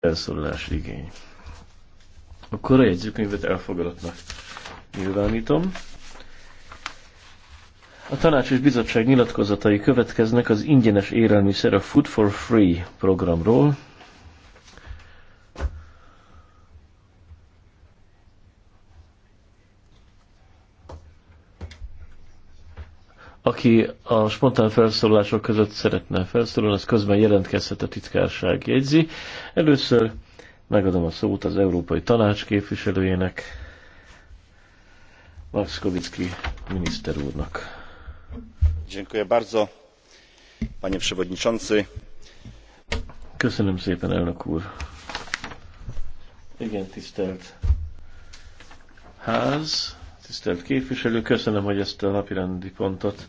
elszólalási igény. Akkor a jegyzőkönyvet elfogadottnak nyilvánítom. A tanács és bizottság nyilatkozatai következnek az ingyenes élelmiszer a Food for Free programról, Aki a spontán felszólások között szeretne felszólalni, az közben jelentkezhet a titkárság jegyzi. Először megadom a szót az Európai Tanács képviselőjének, Max Kovicki miniszter úrnak. Dziękuję bardzo, panie przewodniczący. Köszönöm szépen, elnök úr. Igen, tisztelt ház, Tisztelt képviselő, köszönöm, hogy ezt a napirendi pontot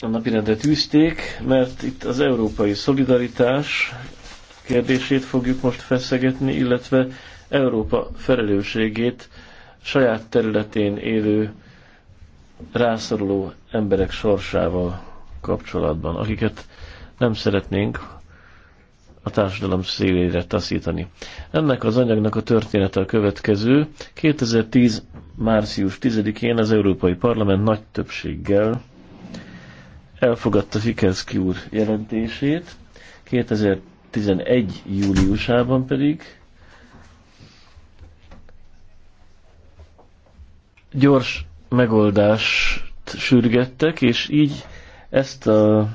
a rendet tűzték, mert itt az európai szolidaritás kérdését fogjuk most feszegetni, illetve Európa felelősségét saját területén élő rászoruló emberek sorsával kapcsolatban, akiket nem szeretnénk, a társadalom szélére taszítani. Ennek az anyagnak a története a következő. 2010. március 10-én az Európai Parlament nagy többséggel elfogadta Fikerszki úr jelentését, 2011. júliusában pedig gyors megoldást sürgettek, és így ezt a,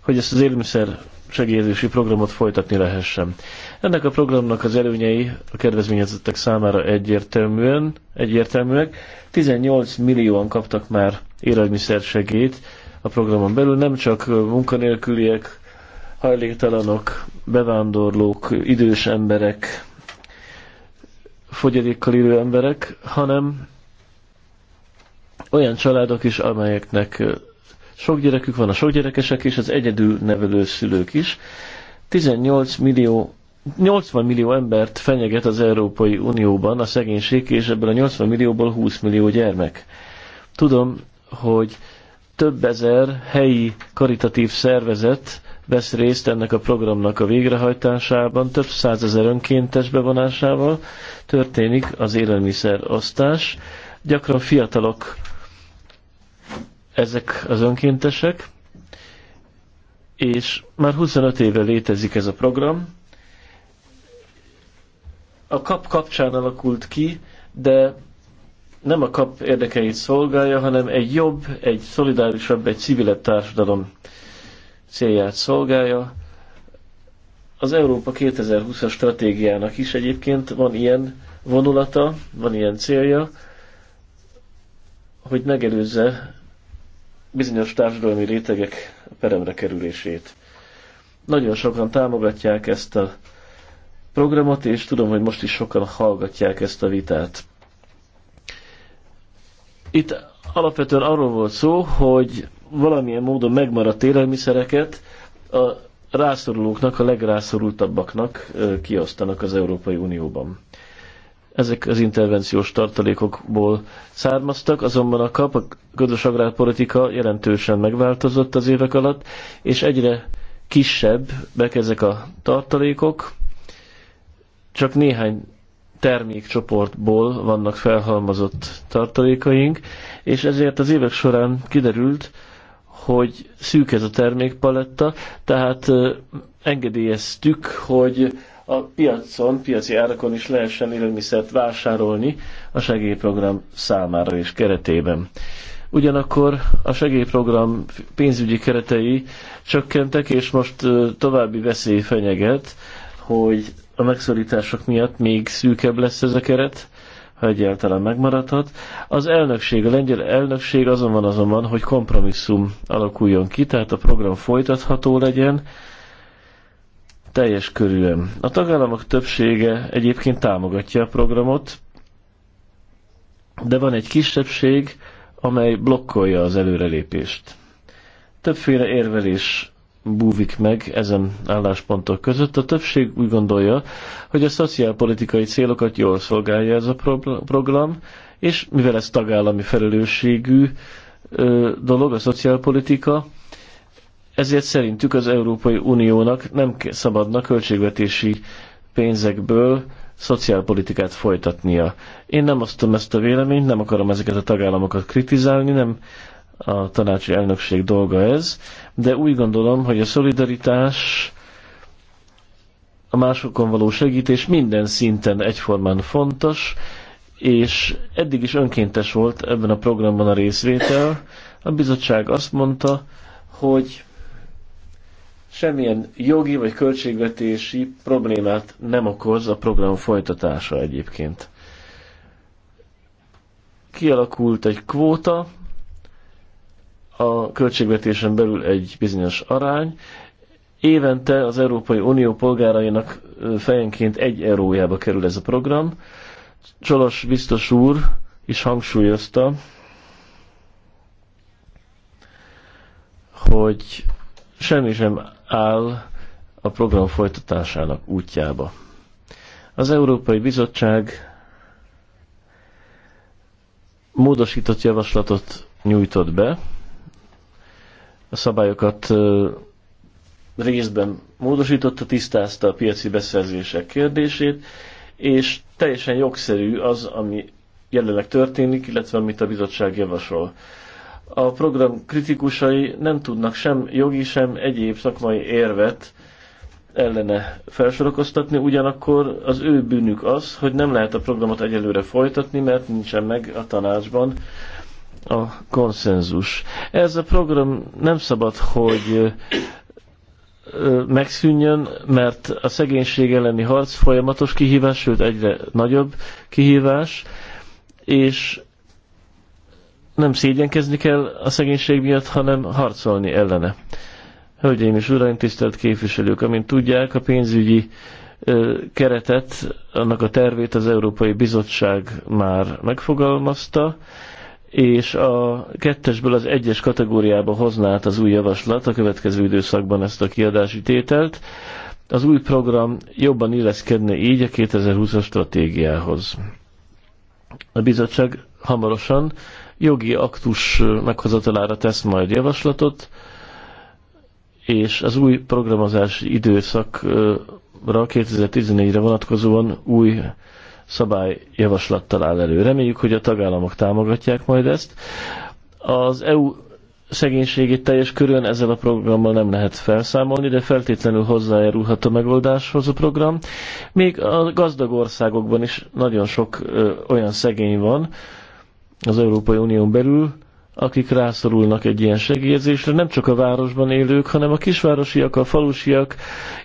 hogy ezt az élmiszer segélyezési programot folytatni lehessen. Ennek a programnak az előnyei a kedvezményezettek számára egyértelműen, egyértelműek. 18 millióan kaptak már élelmiszersegélyt a programon belül, nem csak munkanélküliek, hajléktalanok, bevándorlók, idős emberek, fogyadékkal élő emberek, hanem olyan családok is, amelyeknek sok gyerekük van a sok gyerekesek és az egyedül nevelő szülők is. 18 millió 80 millió embert fenyeget az Európai Unióban a szegénység, és ebből a 80 millióból 20 millió gyermek. Tudom, hogy több ezer helyi karitatív szervezet vesz részt ennek a programnak a végrehajtásában, több százezer önkéntes bevonásával történik az élelmiszer osztás. Gyakran fiatalok ezek az önkéntesek, és már 25 éve létezik ez a program. A kap kapcsán alakult ki, de nem a kap érdekeit szolgálja, hanem egy jobb, egy szolidárisabb, egy civilebb társadalom célját szolgálja. Az Európa 2020-as stratégiának is egyébként van ilyen vonulata, van ilyen célja, hogy megelőzze bizonyos társadalmi rétegek peremre kerülését. Nagyon sokan támogatják ezt a programot, és tudom, hogy most is sokan hallgatják ezt a vitát. Itt alapvetően arról volt szó, hogy valamilyen módon megmaradt élelmiszereket a rászorulóknak, a legrászorultabbaknak kiosztanak az Európai Unióban. Ezek az intervenciós tartalékokból származtak, azonban a kap, a közös agrárpolitika jelentősen megváltozott az évek alatt, és egyre kisebbek ezek a tartalékok, csak néhány termékcsoportból vannak felhalmozott tartalékaink, és ezért az évek során kiderült, hogy szűk ez a termékpaletta, tehát engedélyeztük, hogy a piacon, piaci árakon is lehessen élelmiszert vásárolni a segélyprogram számára és keretében. Ugyanakkor a segélyprogram pénzügyi keretei csökkentek, és most további veszély fenyeget, hogy a megszorítások miatt még szűkebb lesz ez a keret, ha egyáltalán megmaradhat. Az elnökség, a lengyel elnökség azon van azonban, hogy kompromisszum alakuljon ki, tehát a program folytatható legyen, teljes körűen. A tagállamok többsége egyébként támogatja a programot, de van egy kisebbség, amely blokkolja az előrelépést. Többféle érvelés búvik meg ezen álláspontok között. A többség úgy gondolja, hogy a szociálpolitikai célokat jól szolgálja ez a program, és mivel ez tagállami felelősségű dolog, a szociálpolitika, ezért szerintük az Európai Uniónak nem szabadna költségvetési pénzekből szociálpolitikát folytatnia. Én nem osztom ezt a véleményt, nem akarom ezeket a tagállamokat kritizálni, nem a tanácsi elnökség dolga ez, de úgy gondolom, hogy a szolidaritás, a másokon való segítés minden szinten egyformán fontos, és eddig is önkéntes volt ebben a programban a részvétel. A bizottság azt mondta, hogy semmilyen jogi vagy költségvetési problémát nem okoz a program folytatása egyébként. Kialakult egy kvóta, a költségvetésen belül egy bizonyos arány, évente az Európai Unió polgárainak fejenként egy eurójába kerül ez a program. Csolos biztos úr is hangsúlyozta, hogy semmi sem áll a program folytatásának útjába. Az Európai Bizottság módosított javaslatot nyújtott be, a szabályokat részben módosította, tisztázta a piaci beszerzések kérdését, és teljesen jogszerű az, ami jelenleg történik, illetve amit a bizottság javasol a program kritikusai nem tudnak sem jogi, sem egyéb szakmai érvet ellene felsorokoztatni, ugyanakkor az ő bűnük az, hogy nem lehet a programot egyelőre folytatni, mert nincsen meg a tanácsban a konszenzus. Ez a program nem szabad, hogy megszűnjön, mert a szegénység elleni harc folyamatos kihívás, sőt egyre nagyobb kihívás, és nem szégyenkezni kell a szegénység miatt, hanem harcolni ellene. Hölgyeim és uraim, tisztelt képviselők, amint tudják, a pénzügyi ö, keretet, annak a tervét az Európai Bizottság már megfogalmazta, és a kettesből az egyes kategóriába hozná át az új javaslat a következő időszakban ezt a kiadási tételt. Az új program jobban illeszkedne így a 2020-as stratégiához. A bizottság hamarosan jogi aktus meghozatalára tesz majd javaslatot, és az új programozási időszakra 2014-re vonatkozóan új szabályjavaslattal áll elő. Reméljük, hogy a tagállamok támogatják majd ezt. Az EU szegénységét teljes körön ezzel a programmal nem lehet felszámolni, de feltétlenül hozzájárulhat a megoldáshoz a program. Még a gazdag országokban is nagyon sok ö, olyan szegény van, az Európai Unión belül, akik rászorulnak egy ilyen segélyezésre, nem csak a városban élők, hanem a kisvárosiak, a falusiak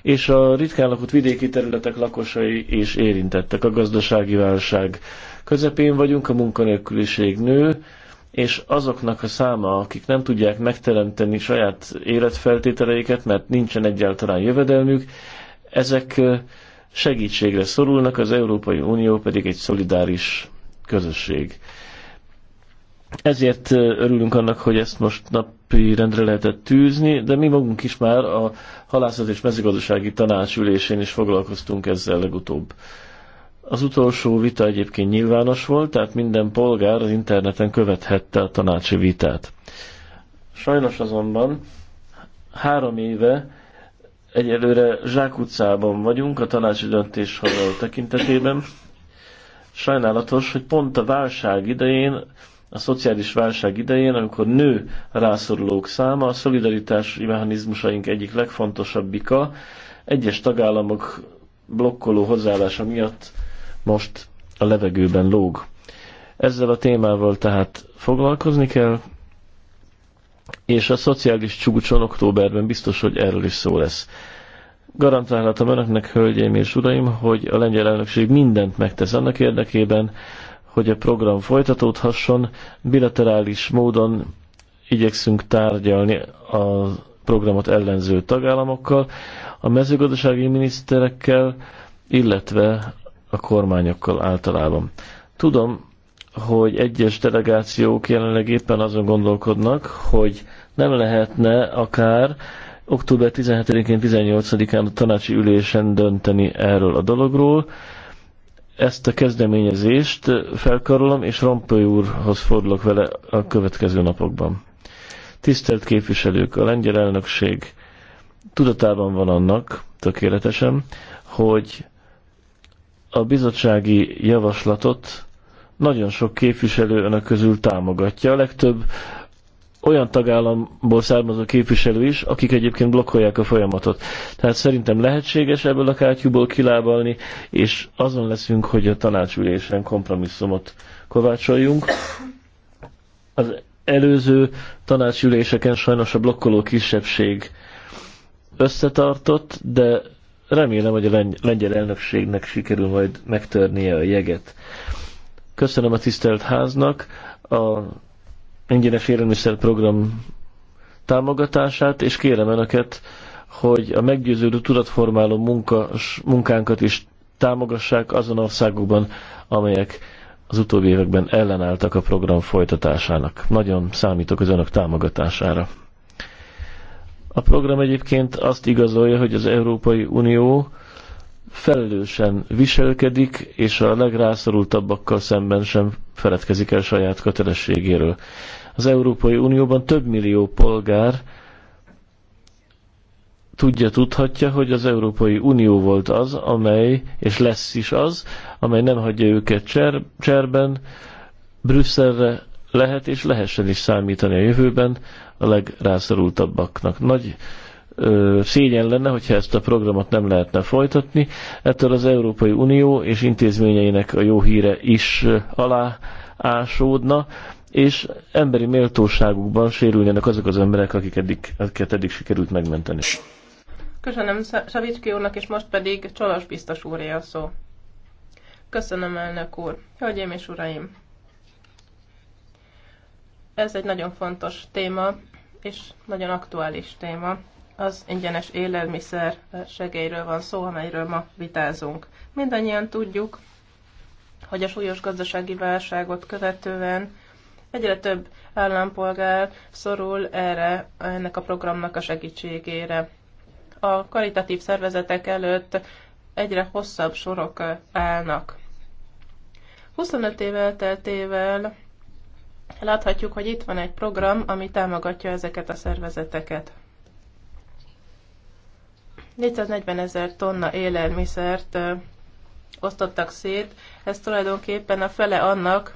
és a ritkán lakott vidéki területek lakosai is érintettek. A gazdasági válság közepén vagyunk, a munkanélküliség nő, és azoknak a száma, akik nem tudják megteremteni saját életfeltételeiket, mert nincsen egyáltalán jövedelmük, ezek segítségre szorulnak, az Európai Unió pedig egy szolidáris közösség. Ezért örülünk annak, hogy ezt most napi rendre lehetett tűzni, de mi magunk is már a Halászat és Mezőgazdasági Tanácsülésén is foglalkoztunk ezzel legutóbb. Az utolsó vita egyébként nyilvános volt, tehát minden polgár az interneten követhette a tanácsi vitát. Sajnos azonban három éve egyelőre Zsák utcában vagyunk a tanácsi döntés tekintetében. Sajnálatos, hogy pont a válság idején a szociális válság idején, amikor nő a rászorulók száma, a szolidaritási mechanizmusaink egyik legfontosabbika, egyes tagállamok blokkoló hozzáállása miatt most a levegőben lóg. Ezzel a témával tehát foglalkozni kell, és a szociális csúcson októberben biztos, hogy erről is szó lesz. Garantálhatom önöknek, hölgyeim és uraim, hogy a lengyel elnökség mindent megtesz annak érdekében, hogy a program folytatódhasson. Bilaterális módon igyekszünk tárgyalni a programot ellenző tagállamokkal, a mezőgazdasági miniszterekkel, illetve a kormányokkal általában. Tudom, hogy egyes delegációk jelenleg éppen azon gondolkodnak, hogy nem lehetne akár október 17-én, 18-án a tanácsi ülésen dönteni erről a dologról, ezt a kezdeményezést felkarolom, és Rompöly úrhoz fordulok vele a következő napokban. Tisztelt képviselők, a lengyel elnökség tudatában van annak, tökéletesen, hogy a bizottsági javaslatot nagyon sok képviselő önök közül támogatja. A legtöbb olyan tagállamból származó képviselő is, akik egyébként blokkolják a folyamatot. Tehát szerintem lehetséges ebből a kátyúból kilábalni, és azon leszünk, hogy a tanácsülésen kompromisszumot kovácsoljunk. Az előző tanácsüléseken sajnos a blokkoló kisebbség összetartott, de remélem, hogy a lengyel elnökségnek sikerül majd megtörnie a jeget. Köszönöm a tisztelt háznak, a ingyenes élelmiszer program támogatását, és kérem Önöket, hogy a meggyőződő tudatformáló munkas, munkánkat is támogassák azon országokban, amelyek az utóbbi években ellenálltak a program folytatásának. Nagyon számítok az önök támogatására. A program egyébként azt igazolja, hogy az Európai Unió felelősen viselkedik, és a legrászorultabbakkal szemben sem feledkezik el saját kötelességéről. Az Európai Unióban több millió polgár tudja, tudhatja, hogy az Európai Unió volt az, amely, és lesz is az, amely nem hagyja őket cser, cserben, Brüsszelre lehet és lehessen is számítani a jövőben a legrászorultabbaknak. Nagy ö, szégyen lenne, hogyha ezt a programot nem lehetne folytatni. Ettől az Európai Unió és intézményeinek a jó híre is ö, alá ásódna, és emberi méltóságukban sérüljenek azok az emberek, akik eddig, akiket eddig sikerült megmenteni. Köszönöm Savicski úrnak, és most pedig Csolos biztos úré a szó. Köszönöm, elnök úr. Hölgyeim és uraim! Ez egy nagyon fontos téma, és nagyon aktuális téma. Az ingyenes élelmiszer segélyről van szó, amelyről ma vitázunk. Mindannyian tudjuk, hogy a súlyos gazdasági válságot követően Egyre több állampolgár szorul erre, ennek a programnak a segítségére. A karitatív szervezetek előtt egyre hosszabb sorok állnak. 25 év elteltével láthatjuk, hogy itt van egy program, ami támogatja ezeket a szervezeteket. 440 ezer tonna élelmiszert osztottak szét, ez tulajdonképpen a fele annak,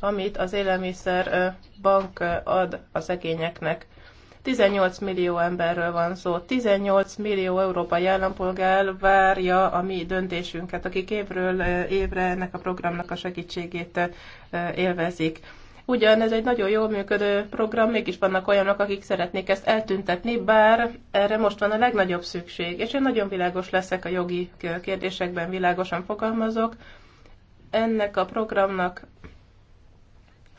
amit az élelmiszer bank ad a szegényeknek. 18 millió emberről van szó. 18 millió európai állampolgár várja a mi döntésünket, akik évről évre ennek a programnak a segítségét élvezik. Ugyan ez egy nagyon jól működő program, mégis vannak olyanok, akik szeretnék ezt eltüntetni, bár erre most van a legnagyobb szükség, és én nagyon világos leszek a jogi kérdésekben, világosan fogalmazok. Ennek a programnak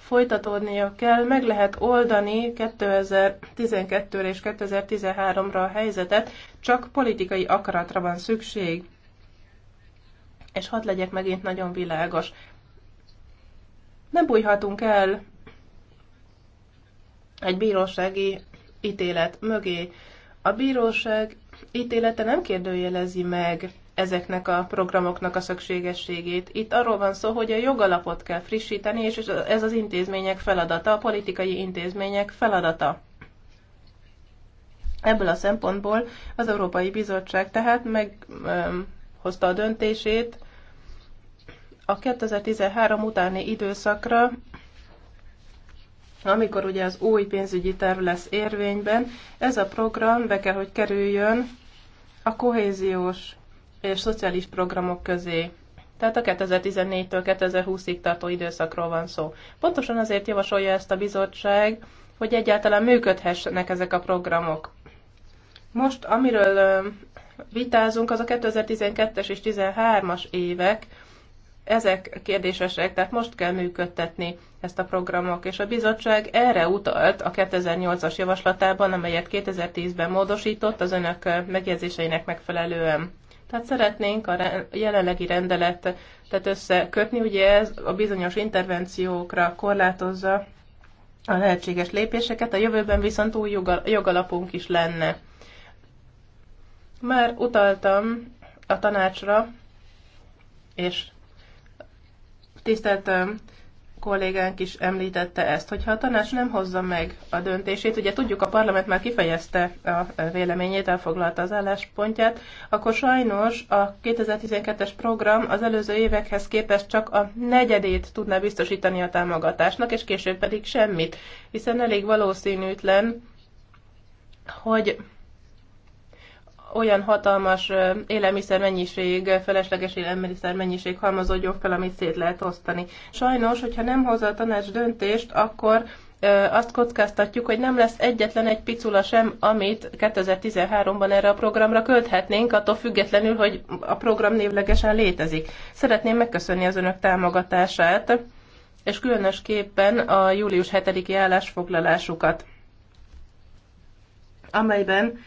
folytatódnia kell, meg lehet oldani 2012-re és 2013-ra a helyzetet, csak politikai akaratra van szükség. És hadd legyek megint nagyon világos. Nem bújhatunk el egy bírósági ítélet mögé. A bíróság ítélete nem kérdőjelezi meg ezeknek a programoknak a szükségességét. Itt arról van szó, hogy a jogalapot kell frissíteni, és ez az intézmények feladata, a politikai intézmények feladata. Ebből a szempontból az Európai Bizottság tehát meghozta a döntését a 2013 utáni időszakra, amikor ugye az új pénzügyi terv lesz érvényben, ez a program be kell, hogy kerüljön a kohéziós és szociális programok közé. Tehát a 2014-től 2020-ig tartó időszakról van szó. Pontosan azért javasolja ezt a bizottság, hogy egyáltalán működhessenek ezek a programok. Most, amiről vitázunk, az a 2012-es és 2013-as évek, ezek kérdésesek, tehát most kell működtetni ezt a programok, és a bizottság erre utalt a 2008-as javaslatában, amelyet 2010-ben módosított az önök megjegyzéseinek megfelelően. Tehát szeretnénk a jelenlegi rendeletet összekötni, ugye ez a bizonyos intervenciókra korlátozza a lehetséges lépéseket, a jövőben viszont új jogalapunk is lenne. Már utaltam a tanácsra, és tisztelt kollégánk is említette ezt, hogyha a tanács nem hozza meg a döntését, ugye tudjuk, a parlament már kifejezte a véleményét, elfoglalta az álláspontját, akkor sajnos a 2012-es program az előző évekhez képest csak a negyedét tudná biztosítani a támogatásnak, és később pedig semmit, hiszen elég valószínűtlen, hogy olyan hatalmas élelmiszer mennyiség, felesleges élelmiszer mennyiség halmozódjon fel, amit szét lehet osztani. Sajnos, hogyha nem hozza a tanács döntést, akkor azt kockáztatjuk, hogy nem lesz egyetlen egy picula sem, amit 2013-ban erre a programra költhetnénk, attól függetlenül, hogy a program névlegesen létezik. Szeretném megköszönni az önök támogatását, és különösképpen a július 7-i állásfoglalásukat, amelyben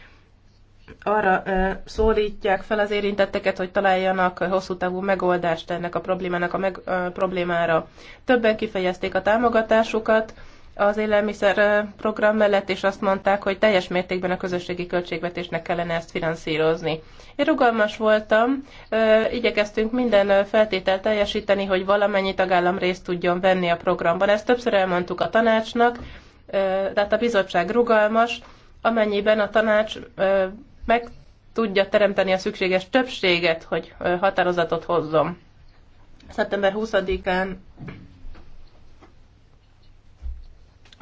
arra szólítják fel az érintetteket, hogy találjanak hosszú távú megoldást ennek a problémának a, meg, a problémára. Többen kifejezték a támogatásukat az élelmiszer program mellett, és azt mondták, hogy teljes mértékben a közösségi költségvetésnek kellene ezt finanszírozni. Én rugalmas voltam, igyekeztünk minden feltételt teljesíteni, hogy valamennyi tagállam részt tudjon venni a programban. Ezt többször elmondtuk a tanácsnak, tehát a bizottság rugalmas, amennyiben a tanács meg tudja teremteni a szükséges többséget, hogy határozatot hozzon. Szeptember 20-án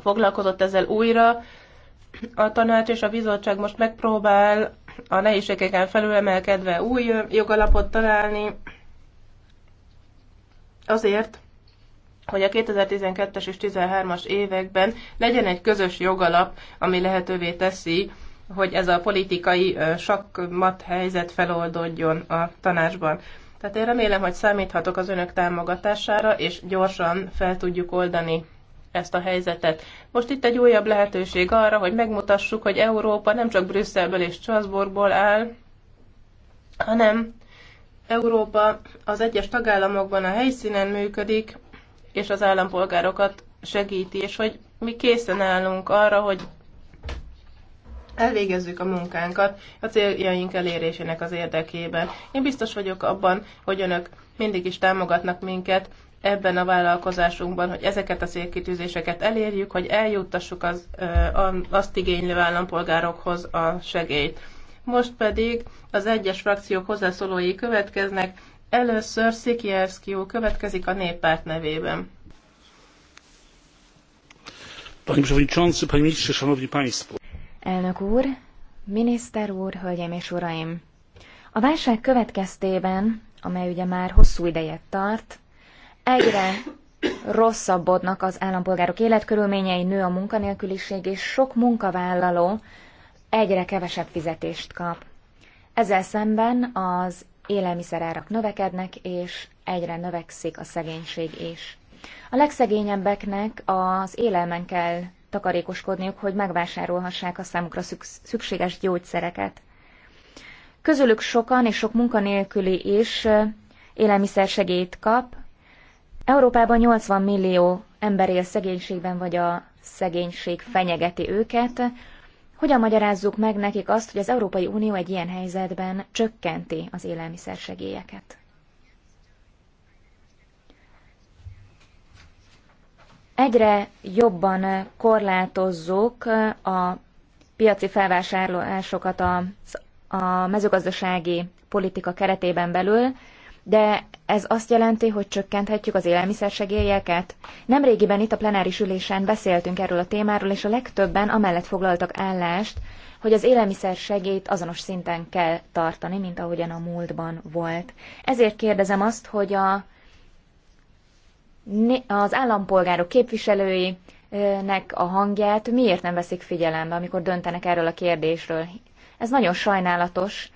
foglalkozott ezzel újra. A tanács és a bizottság most megpróbál a nehézségeken felülemelkedve új jogalapot találni azért, hogy a 2012-es és 2013-as években legyen egy közös jogalap, ami lehetővé teszi hogy ez a politikai sakmat helyzet feloldódjon a tanásban. Tehát én remélem, hogy számíthatok az önök támogatására, és gyorsan fel tudjuk oldani ezt a helyzetet. Most itt egy újabb lehetőség arra, hogy megmutassuk, hogy Európa nem csak Brüsszelből és Strasbourgból áll, hanem Európa az egyes tagállamokban a helyszínen működik, és az állampolgárokat segíti, és hogy mi készen állunk arra, hogy elvégezzük a munkánkat a céljaink elérésének az érdekében. Én biztos vagyok abban, hogy önök mindig is támogatnak minket ebben a vállalkozásunkban, hogy ezeket a célkitűzéseket elérjük, hogy eljuttassuk az, azt igénylő állampolgárokhoz a segélyt. Most pedig az egyes frakciók hozzászólói következnek. Először Szikierszki úr következik a néppárt nevében. Panie Przewodniczący, Panie Ministrze, Szanowni Państwo! Elnök úr, miniszter úr, hölgyeim és uraim! A válság következtében, amely ugye már hosszú ideje tart, egyre rosszabbodnak az állampolgárok életkörülményei, nő a munkanélküliség, és sok munkavállaló egyre kevesebb fizetést kap. Ezzel szemben az élelmiszerárak növekednek, és egyre növekszik a szegénység is. A legszegényebbeknek az élelmen kell takarékoskodniuk, hogy megvásárolhassák a számukra szükséges gyógyszereket. Közülük sokan és sok munkanélküli is segélyt kap. Európában 80 millió ember él szegénységben, vagy a szegénység fenyegeti őket. Hogyan magyarázzuk meg nekik azt, hogy az Európai Unió egy ilyen helyzetben csökkenti az segélyeket? Egyre jobban korlátozzuk a piaci felvásárlásokat a, a mezőgazdasági politika keretében belül, de ez azt jelenti, hogy csökkenthetjük az élelmiszersegélyeket? Nemrégiben itt a plenáris ülésen beszéltünk erről a témáról, és a legtöbben amellett foglaltak állást, hogy az segélyt azonos szinten kell tartani, mint ahogyan a múltban volt. Ezért kérdezem azt, hogy a az állampolgárok képviselőinek a hangját miért nem veszik figyelembe, amikor döntenek erről a kérdésről. Ez nagyon sajnálatos,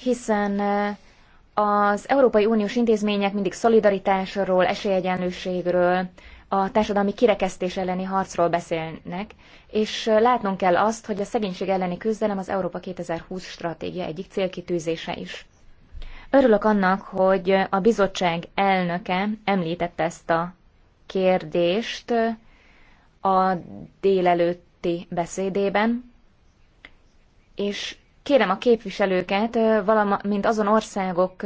hiszen eh, az Európai Uniós intézmények mindig szolidaritásról, esélyegyenlőségről, a társadalmi kirekesztés elleni harcról beszélnek, és eh, látnunk kell azt, hogy a szegénység elleni küzdelem az Európa 2020 stratégia egyik célkitűzése is. Örülök annak, hogy a bizottság elnöke említette ezt a kérdést a délelőtti beszédében, és kérem a képviselőket, valamint azon országok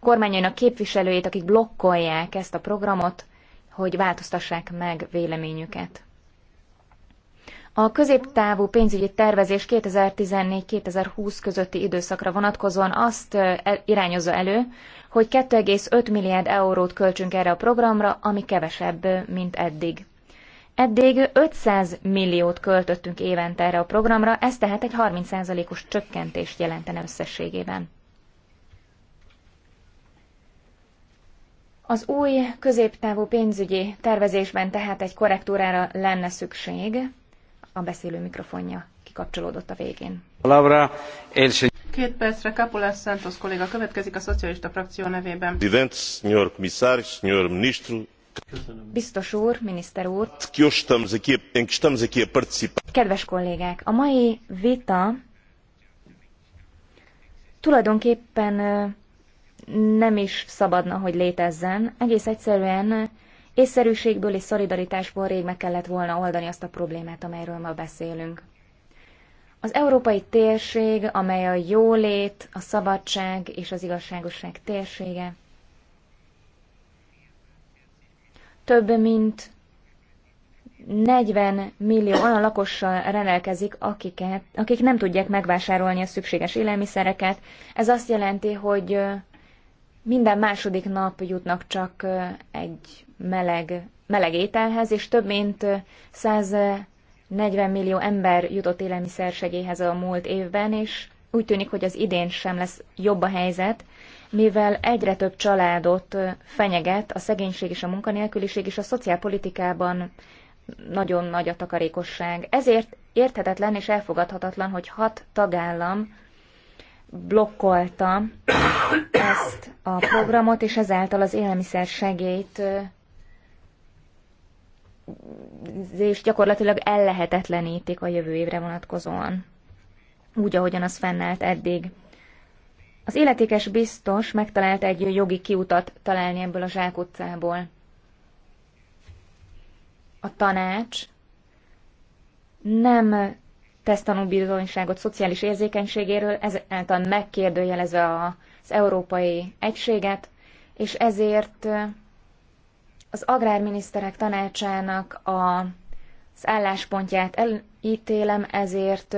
kormányainak képviselőjét, akik blokkolják ezt a programot, hogy változtassák meg véleményüket. A középtávú pénzügyi tervezés 2014-2020 közötti időszakra vonatkozóan azt irányozza elő, hogy 2,5 milliárd eurót költsünk erre a programra, ami kevesebb, mint eddig. Eddig 500 milliót költöttünk évente erre a programra, ez tehát egy 30%-os csökkentést jelentene összességében. Az új középtávú pénzügyi tervezésben tehát egy korrektúrára lenne szükség, a beszélő mikrofonja kikapcsolódott a végén. Két percre Kapulás Santos kolléga következik a szocialista frakció nevében. Biztos úr, miniszter úr, kedves kollégák, a mai vita tulajdonképpen nem is szabadna, hogy létezzen. Egész egyszerűen észszerűségből és szolidaritásból rég meg kellett volna oldani azt a problémát, amelyről ma beszélünk. Az európai térség, amely a jólét, a szabadság és az igazságosság térsége, több mint 40 millió olyan lakossal rendelkezik, akiket, akik nem tudják megvásárolni a szükséges élelmiszereket. Ez azt jelenti, hogy minden második nap jutnak csak egy meleg, meleg ételhez, és több mint 140 millió ember jutott élelmiszersegélyhez a múlt évben, és úgy tűnik, hogy az idén sem lesz jobb a helyzet, mivel egyre több családot fenyeget a szegénység és a munkanélküliség, és a szociálpolitikában nagyon nagy a takarékosság. Ezért érthetetlen és elfogadhatatlan, hogy hat tagállam blokkolta ezt a programot, és ezáltal az élelmiszer segélyt és gyakorlatilag ellehetetlenítik a jövő évre vonatkozóan, úgy, ahogyan az fennállt eddig. Az életékes biztos megtalálta egy jogi kiutat találni ebből a zsákutcából. A tanács nem tesz tanúbizonyságot szociális érzékenységéről, ezáltal megkérdőjelezve az európai egységet, és ezért az agrárminiszterek tanácsának a, az álláspontját elítélem, ezért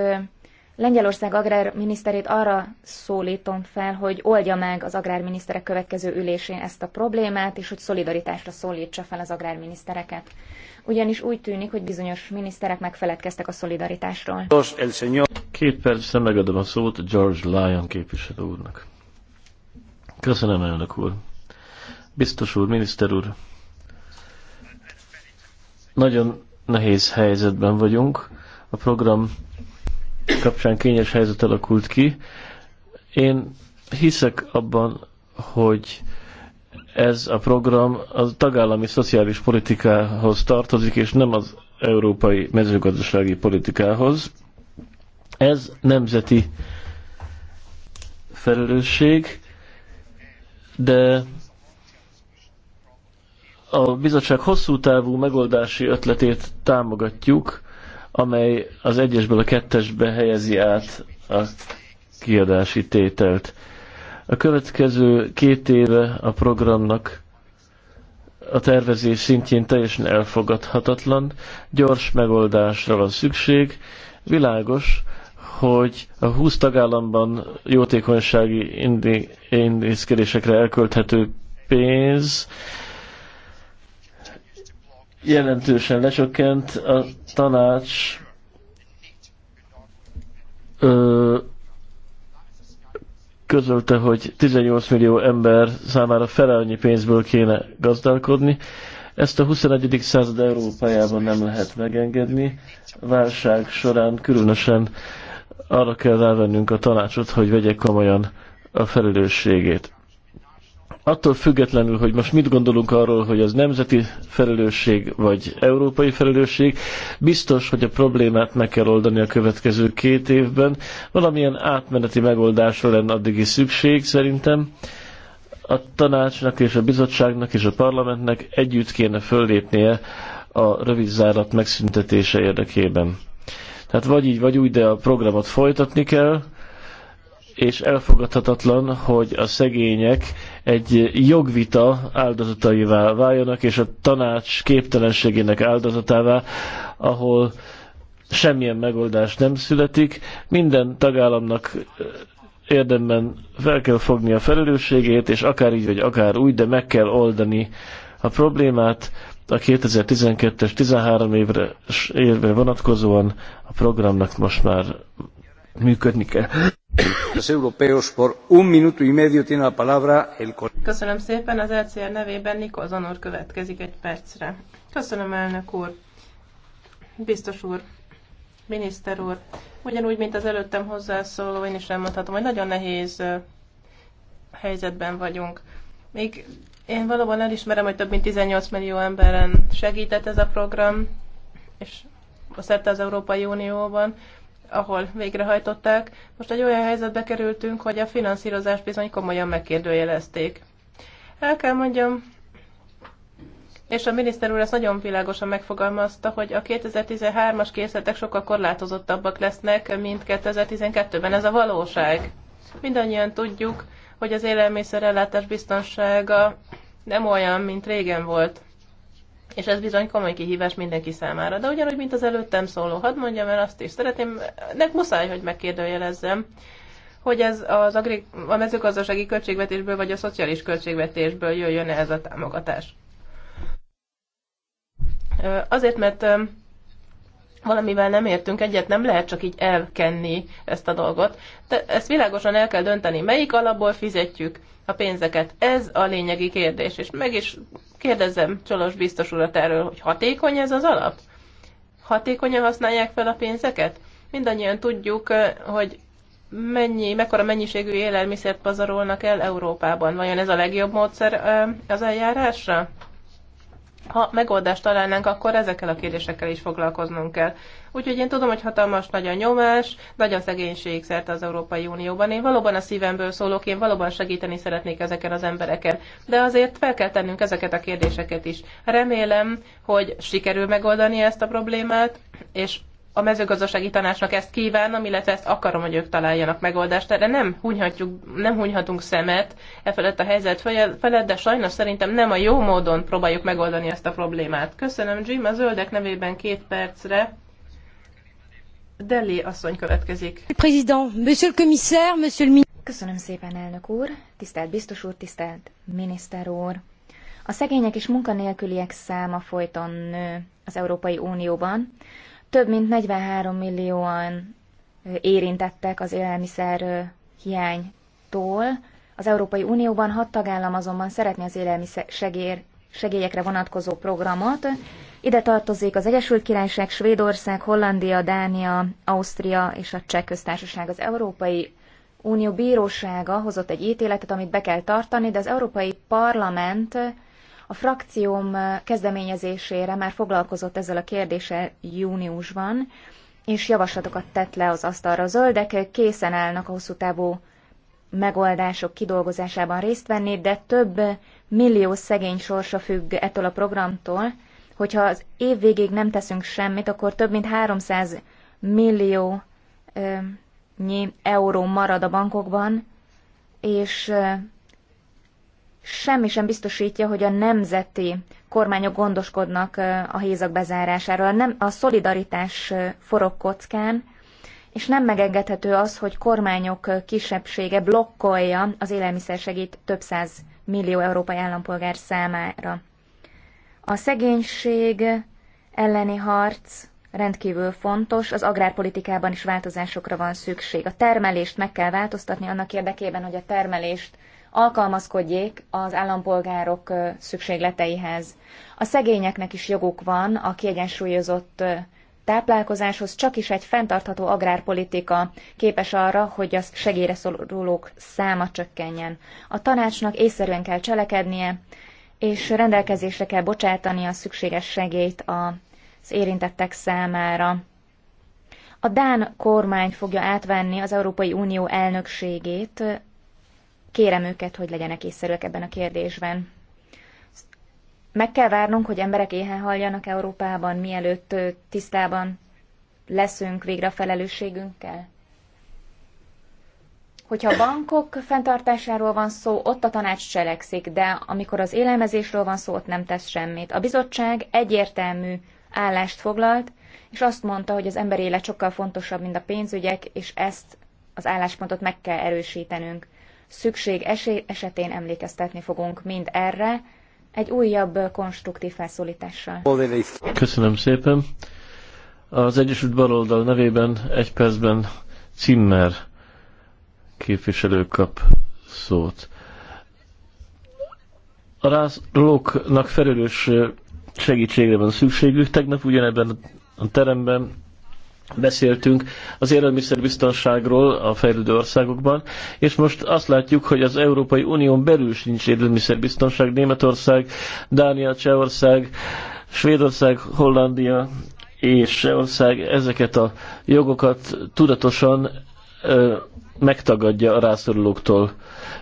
Lengyelország agrárminiszterét arra szólítom fel, hogy oldja meg az agrárminiszterek következő ülésén ezt a problémát, és hogy szolidaritásra szólítsa fel az agrárminisztereket. Ugyanis úgy tűnik, hogy bizonyos miniszterek megfeledkeztek a szolidaritásról. Két percre megadom a szót George Lyon képviselő úrnak. Köszönöm, elnök úr. Biztos úr, miniszter úr. Nagyon nehéz helyzetben vagyunk. A program kapcsán kényes helyzet alakult ki. Én hiszek abban, hogy ez a program a tagállami szociális politikához tartozik, és nem az európai mezőgazdasági politikához. Ez nemzeti felelősség, de a bizottság hosszú távú megoldási ötletét támogatjuk, amely az egyesből a kettesbe helyezi át a kiadási tételt. A következő két éve a programnak a tervezés szintjén teljesen elfogadhatatlan, gyors megoldásra van szükség, világos, hogy a 20 tagállamban jótékonysági intézkedésekre elkölthető pénz jelentősen lecsökkent a tanács ö, közölte, hogy 18 millió ember számára fele annyi pénzből kéne gazdálkodni. Ezt a 21. század Európájában nem lehet megengedni. Válság során különösen arra kell rávennünk a tanácsot, hogy vegye komolyan a felelősségét attól függetlenül, hogy most mit gondolunk arról, hogy az nemzeti felelősség vagy európai felelősség, biztos, hogy a problémát meg kell oldani a következő két évben. Valamilyen átmeneti megoldásra lenne addigi szükség szerintem. A tanácsnak és a bizottságnak és a parlamentnek együtt kéne föllépnie a rövid zárat megszüntetése érdekében. Tehát vagy így, vagy úgy, de a programot folytatni kell, és elfogadhatatlan, hogy a szegények egy jogvita áldozataivá váljanak, és a tanács képtelenségének áldozatává, ahol semmilyen megoldás nem születik. Minden tagállamnak eh, érdemben fel kell fogni a felelősségét, és akár így, vagy akár úgy, de meg kell oldani a problémát a 2012-es 13 évre, évre vonatkozóan a programnak most már működni kell. Köszönöm szépen, az ECR nevében Nikolzon úr következik egy percre. Köszönöm, elnök úr. Biztos úr, miniszter úr, ugyanúgy, mint az előttem hozzászóló, én is elmondhatom, hogy nagyon nehéz helyzetben vagyunk. Még én valóban elismerem, hogy több mint 18 millió emberen segített ez a program, és szerte az Európai Unióban, ahol végrehajtották. Most egy olyan helyzetbe kerültünk, hogy a finanszírozást bizony komolyan megkérdőjelezték. El kell mondjam, és a miniszter úr ezt nagyon világosan megfogalmazta, hogy a 2013-as készletek sokkal korlátozottabbak lesznek, mint 2012-ben. Ez a valóság. Mindannyian tudjuk, hogy az élelmiszerellátás biztonsága nem olyan, mint régen volt. És ez bizony komoly kihívás mindenki számára. De ugyanúgy, mint az előttem szóló, hadd mondjam el azt is, szeretném, nek muszáj, hogy megkérdőjelezzem, hogy ez az agri- a mezőgazdasági költségvetésből vagy a szociális költségvetésből jöjjön -e ez a támogatás. Azért, mert valamivel nem értünk egyet, nem lehet csak így elkenni ezt a dolgot. De ezt világosan el kell dönteni, melyik alapból fizetjük a pénzeket. Ez a lényegi kérdés, és meg is Kérdezem Csolos biztos urat erről, hogy hatékony ez az alap? Hatékonyan használják fel a pénzeket? Mindannyian tudjuk, hogy mennyi, mekkora mennyiségű élelmiszert pazarolnak el Európában. Vajon ez a legjobb módszer az eljárásra? Ha megoldást találnánk, akkor ezekkel a kérdésekkel is foglalkoznunk kell. Úgyhogy én tudom, hogy hatalmas nagy a nyomás, nagy a szegénység szerte az Európai Unióban. Én valóban a szívemből szólok, én valóban segíteni szeretnék ezeken az embereken. De azért fel kell tennünk ezeket a kérdéseket is. Remélem, hogy sikerül megoldani ezt a problémát, és a mezőgazdasági tanácsnak ezt kívánom, illetve ezt akarom, hogy ők találjanak megoldást. Erre nem, hunyhatjuk, nem hunyhatunk szemet e felett a helyzet felett, de sajnos szerintem nem a jó módon próbáljuk megoldani ezt a problémát. Köszönöm, Jim, a zöldek nevében két percre Deli asszony következik. Président, monsieur le commissaire, monsieur le Köszönöm szépen, elnök úr, tisztelt biztos úr, tisztelt miniszter úr. A szegények és munkanélküliek száma folyton nő az Európai Unióban. Több mint 43 millióan érintettek az élelmiszer hiánytól. Az Európai Unióban hat tagállam azonban szeretné az élelmiszer segélyekre vonatkozó programot, ide tartozik az Egyesült Királyság, Svédország, Hollandia, Dánia, Ausztria és a Cseh köztársaság. Az Európai Unió bírósága hozott egy ítéletet, amit be kell tartani, de az Európai Parlament a frakcióm kezdeményezésére már foglalkozott ezzel a kérdéssel júniusban, és javaslatokat tett le az asztalra. A zöldek készen állnak a hosszú távú megoldások kidolgozásában részt venni, de több millió szegény sorsa függ ettől a programtól, hogyha az év végéig nem teszünk semmit, akkor több mint 300 millió ö, nyi euró marad a bankokban, és ö, semmi sem biztosítja, hogy a nemzeti kormányok gondoskodnak a hézak bezárásáról. Nem, a szolidaritás forog kockán, és nem megengedhető az, hogy kormányok kisebbsége blokkolja az élelmiszersegít több száz millió európai állampolgár számára. A szegénység elleni harc rendkívül fontos, az agrárpolitikában is változásokra van szükség. A termelést meg kell változtatni annak érdekében, hogy a termelést alkalmazkodjék az állampolgárok szükségleteihez. A szegényeknek is joguk van a kiegyensúlyozott táplálkozáshoz, csak is egy fenntartható agrárpolitika képes arra, hogy a segélyre szorulók száma csökkenjen. A tanácsnak észszerűen kell cselekednie, és rendelkezésre kell bocsátani a szükséges segélyt az érintettek számára. A Dán kormány fogja átvenni az Európai Unió elnökségét. Kérem őket, hogy legyenek észszerűek ebben a kérdésben. Meg kell várnunk, hogy emberek éhen haljanak Európában, mielőtt tisztában leszünk végre a felelősségünkkel? Hogyha bankok fenntartásáról van szó, ott a tanács cselekszik, de amikor az élelmezésről van szó, ott nem tesz semmit. A bizottság egyértelmű állást foglalt, és azt mondta, hogy az ember élet sokkal fontosabb, mint a pénzügyek, és ezt az álláspontot meg kell erősítenünk. Szükség esetén emlékeztetni fogunk mind erre, egy újabb konstruktív felszólítással. Köszönöm szépen. Az Egyesült Baloldal nevében egy percben Zimmer képviselő kap szót. A rászlóknak felelős segítségre van szükségük. Tegnap ugyanebben a teremben beszéltünk az élelmiszerbiztonságról a fejlődő országokban, és most azt látjuk, hogy az Európai Unión belül sincs élelmiszerbiztonság. Németország, Dánia, Csehország, Svédország, Hollandia és Csehország ezeket a jogokat tudatosan megtagadja a rászorulóktól.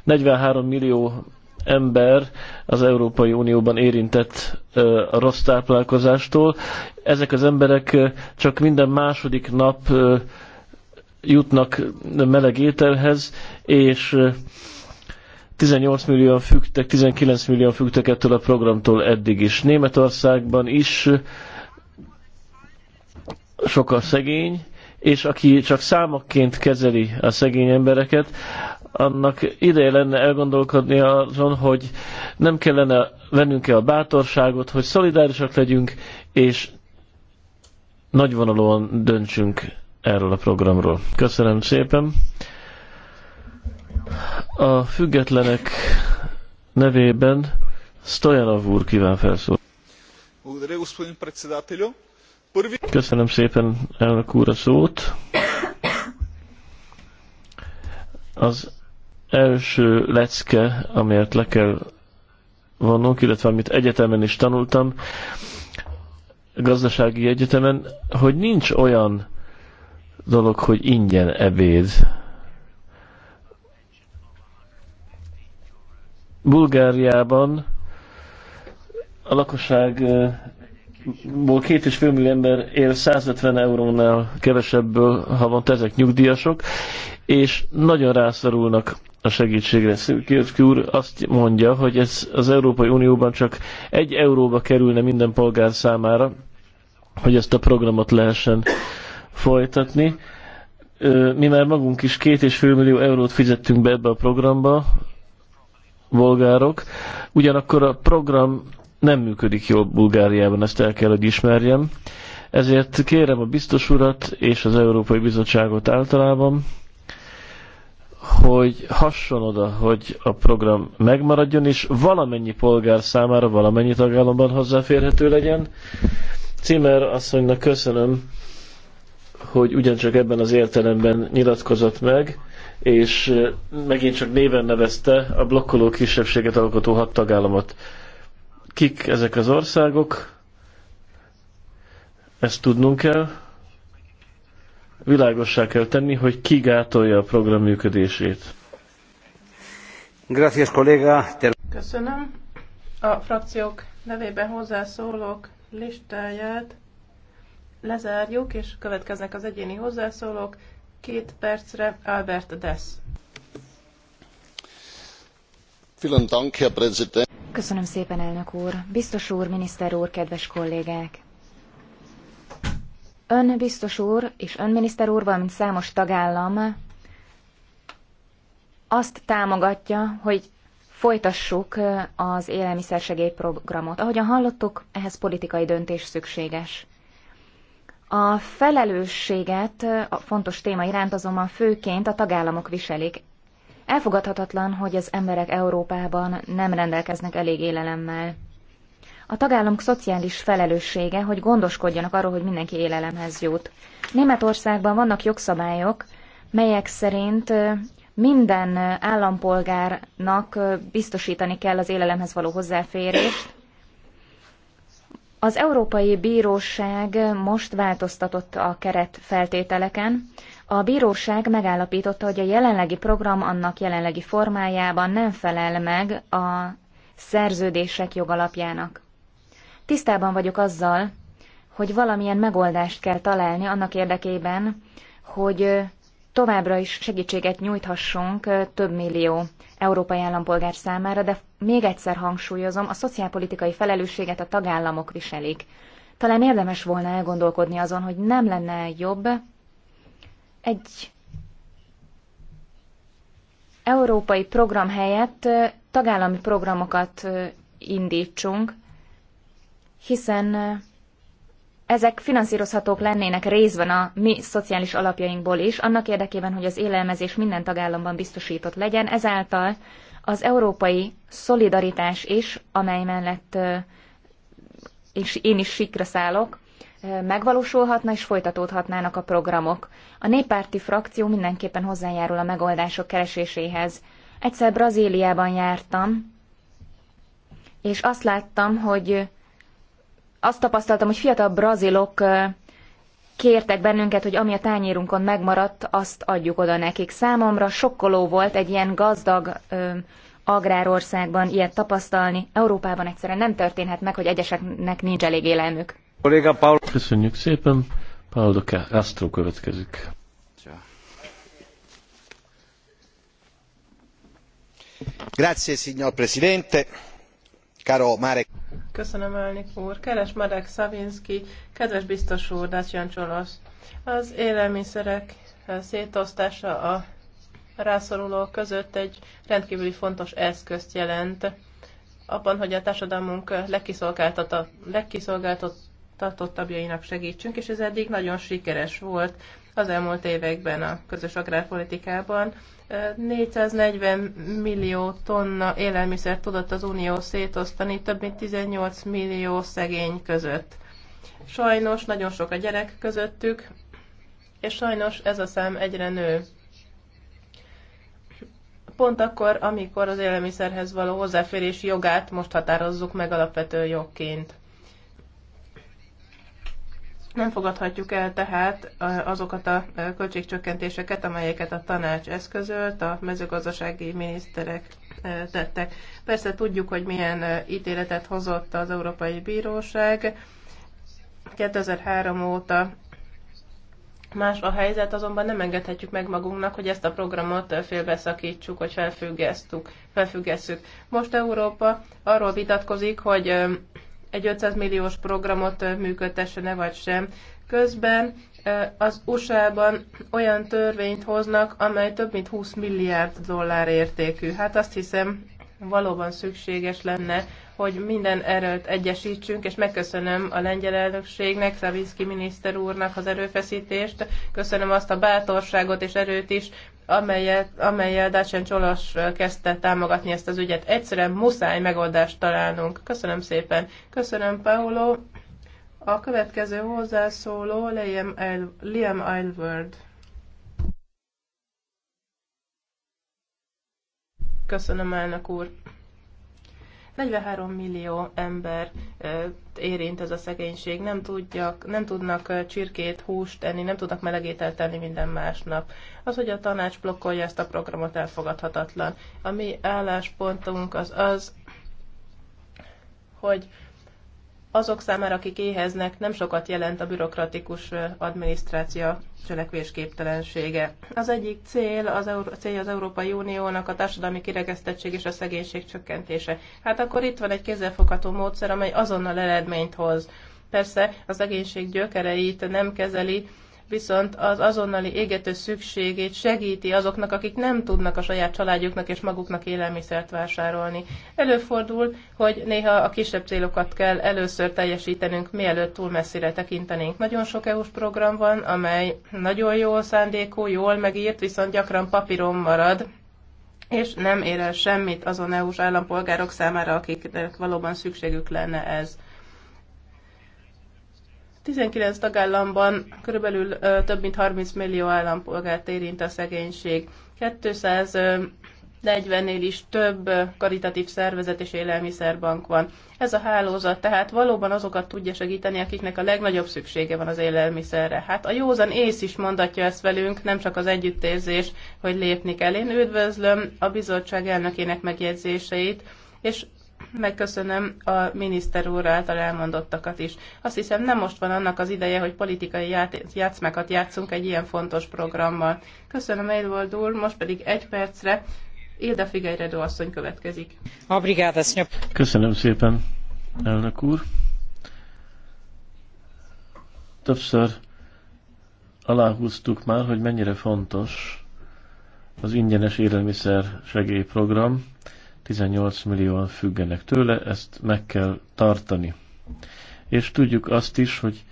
43 millió ember az Európai Unióban érintett a rossz táplálkozástól. Ezek az emberek csak minden második nap jutnak meleg ételhez, és 18 millióan fügtek, 19 millióan fügtek ettől a programtól eddig is. Németországban is sok a szegény, és aki csak számokként kezeli a szegény embereket, annak ideje lenne elgondolkodni azon, hogy nem kellene vennünk-e a bátorságot, hogy szolidárisak legyünk, és nagyvonalúan döntsünk erről a programról. Köszönöm szépen! A függetlenek nevében Stojanov úr kíván felszólni. Благодаря, Köszönöm szépen elnök úr a szót. Az első lecke, amelyet le kell vonnunk, illetve amit egyetemen is tanultam, gazdasági egyetemen, hogy nincs olyan dolog, hogy ingyen ebéd. Bulgáriában a lakosság ból két és fél millió ember él 150 eurónál kevesebből van ezek nyugdíjasok, és nagyon rászorulnak a segítségre. Kirchki úr azt mondja, hogy ez az Európai Unióban csak egy euróba kerülne minden polgár számára, hogy ezt a programot lehessen folytatni. Mi már magunk is két és fél millió eurót fizettünk be ebbe a programba, bolgárok. Ugyanakkor a program nem működik jól Bulgáriában, ezt el kell, hogy ismerjem. Ezért kérem a biztos urat és az Európai Bizottságot általában, hogy hasson oda, hogy a program megmaradjon, és valamennyi polgár számára, valamennyi tagállamban hozzáférhető legyen. Cimer asszonynak köszönöm, hogy ugyancsak ebben az értelemben nyilatkozott meg, és megint csak néven nevezte a blokkoló kisebbséget alkotó hat tagállamot. Kik ezek az országok? Ezt tudnunk kell. Világossá kell tenni, hogy ki gátolja a program működését. Gracias, kolléga. Köszönöm. A frakciók nevében hozzászólók listáját lezárjuk, és következnek az egyéni hozzászólók. Két percre Albert Dess. Vielen Dank, Herr Präsident. Köszönöm szépen, elnök úr. Biztos úr, miniszter úr, kedves kollégák! Ön biztos úr és ön miniszter úr, valamint számos tagállam azt támogatja, hogy folytassuk az élelmiszersegélyprogramot. Ahogyan hallottuk, ehhez politikai döntés szükséges. A felelősséget a fontos téma iránt azonban főként a tagállamok viselik. Elfogadhatatlan, hogy az emberek Európában nem rendelkeznek elég élelemmel. A tagállamok szociális felelőssége, hogy gondoskodjanak arról, hogy mindenki élelemhez jut. Németországban vannak jogszabályok, melyek szerint minden állampolgárnak biztosítani kell az élelemhez való hozzáférést. Az Európai Bíróság most változtatott a keret feltételeken. A bíróság megállapította, hogy a jelenlegi program annak jelenlegi formájában nem felel meg a szerződések jogalapjának. Tisztában vagyok azzal, hogy valamilyen megoldást kell találni annak érdekében, hogy továbbra is segítséget nyújthassunk több millió európai állampolgár számára, de még egyszer hangsúlyozom, a szociálpolitikai felelősséget a tagállamok viselik. Talán érdemes volna elgondolkodni azon, hogy nem lenne jobb, egy európai program helyett tagállami programokat indítsunk, hiszen ezek finanszírozhatók lennének részben a mi szociális alapjainkból is, annak érdekében, hogy az élelmezés minden tagállamban biztosított legyen, ezáltal az európai szolidaritás is, amely mellett és én is sikra szállok, megvalósulhatna és folytatódhatnának a programok. A néppárti frakció mindenképpen hozzájárul a megoldások kereséséhez. Egyszer Brazíliában jártam, és azt láttam, hogy azt tapasztaltam, hogy fiatal brazilok kértek bennünket, hogy ami a tányérunkon megmaradt, azt adjuk oda nekik. Számomra sokkoló volt egy ilyen gazdag ö, agrárországban ilyet tapasztalni. Európában egyszerűen nem történhet meg, hogy egyeseknek nincs elég élelmük. Köszönjük szépen. Paul de Castro következik. Grazie, signor Presidente. Caro Marek. Köszönöm, elnök úr. Keres Marek Szavinski, kedves biztos úr, Dacian Csolosz. Az élelmiszerek szétosztása a rászorulók között egy rendkívüli fontos eszközt jelent abban, hogy a társadalmunk legkiszolgáltatott, legkiszolgáltatott tartott segítsünk, és ez eddig nagyon sikeres volt az elmúlt években a közös agrárpolitikában. 440 millió tonna élelmiszer tudott az Unió szétosztani több mint 18 millió szegény között. Sajnos nagyon sok a gyerek közöttük, és sajnos ez a szám egyre nő. Pont akkor, amikor az élelmiszerhez való hozzáférés jogát most határozzuk meg alapvető jogként. Nem fogadhatjuk el tehát azokat a költségcsökkentéseket, amelyeket a tanács eszközölt, a mezőgazdasági miniszterek tettek. Persze tudjuk, hogy milyen ítéletet hozott az Európai Bíróság. 2003 óta Más a helyzet, azonban nem engedhetjük meg magunknak, hogy ezt a programot félbeszakítsuk, vagy felfüggesztük. felfüggesszük. Most Európa arról vitatkozik, hogy egy 500 milliós programot működtessene vagy sem. Közben az USA-ban olyan törvényt hoznak, amely több mint 20 milliárd dollár értékű. Hát azt hiszem, valóban szükséges lenne, hogy minden erőt egyesítsünk, és megköszönöm a lengyel elnökségnek, Szavinszki miniszter úrnak az erőfeszítést, köszönöm azt a bátorságot és erőt is, amelyet, amelyel Dacian Csolos kezdte támogatni ezt az ügyet. Egyszerűen muszáj megoldást találnunk. Köszönöm szépen. Köszönöm, Paolo. A következő hozzászóló Liam, El- Liam Aylward. Köszönöm, elnök úr. 43 millió ember érint ez a szegénység, nem, tudjak, nem tudnak csirkét, húst enni, nem tudnak melegételt tenni minden másnap. Az, hogy a tanács blokkolja ezt a programot, elfogadhatatlan. A mi álláspontunk az az, hogy azok számára, akik éheznek, nem sokat jelent a bürokratikus adminisztrácia cselekvésképtelensége. Az egyik cél az, Euró- cél az Európai Uniónak a társadalmi kirekesztettség és a szegénység csökkentése. Hát akkor itt van egy kézzelfogható módszer, amely azonnal eredményt hoz. Persze az szegénység gyökereit nem kezeli, viszont az azonnali égető szükségét segíti azoknak, akik nem tudnak a saját családjuknak és maguknak élelmiszert vásárolni. Előfordul, hogy néha a kisebb célokat kell először teljesítenünk, mielőtt túl messzire tekintenénk. Nagyon sok EU-s program van, amely nagyon jó szándékú, jól megírt, viszont gyakran papíron marad, és nem ér el semmit azon EU-s állampolgárok számára, akiknek valóban szükségük lenne ez. 19 tagállamban körülbelül több mint 30 millió állampolgárt érint a szegénység. 240-nél is több karitatív szervezet és élelmiszerbank van. Ez a hálózat tehát valóban azokat tudja segíteni, akiknek a legnagyobb szüksége van az élelmiszerre. Hát a józan ész is mondatja ezt velünk, nem csak az együttérzés, hogy lépni kell. Én üdvözlöm a bizottság elnökének megjegyzéseit, és megköszönöm a miniszter úr által elmondottakat is. Azt hiszem, nem most van annak az ideje, hogy politikai játszmákat játszunk egy ilyen fontos programmal. Köszönöm, Aylward úr, most pedig egy percre Ilda Figeiredo asszony következik. Köszönöm szépen, elnök úr. Többször aláhúztuk már, hogy mennyire fontos az ingyenes élelmiszer segélyprogram, 18 millióan függenek tőle, ezt meg kell tartani. És tudjuk azt is, hogy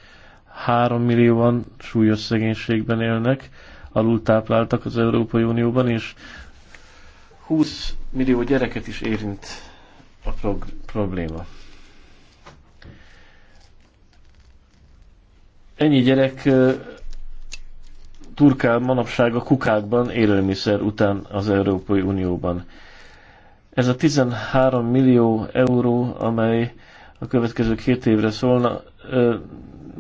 3 millióan súlyos szegénységben élnek, alultápláltak az Európai Unióban, és 20 millió gyereket is érint a prog- probléma. Ennyi gyerek turkál manapság a kukákban élelmiszer után az Európai Unióban. Ez a 13 millió euró, amely a következő két évre szólna,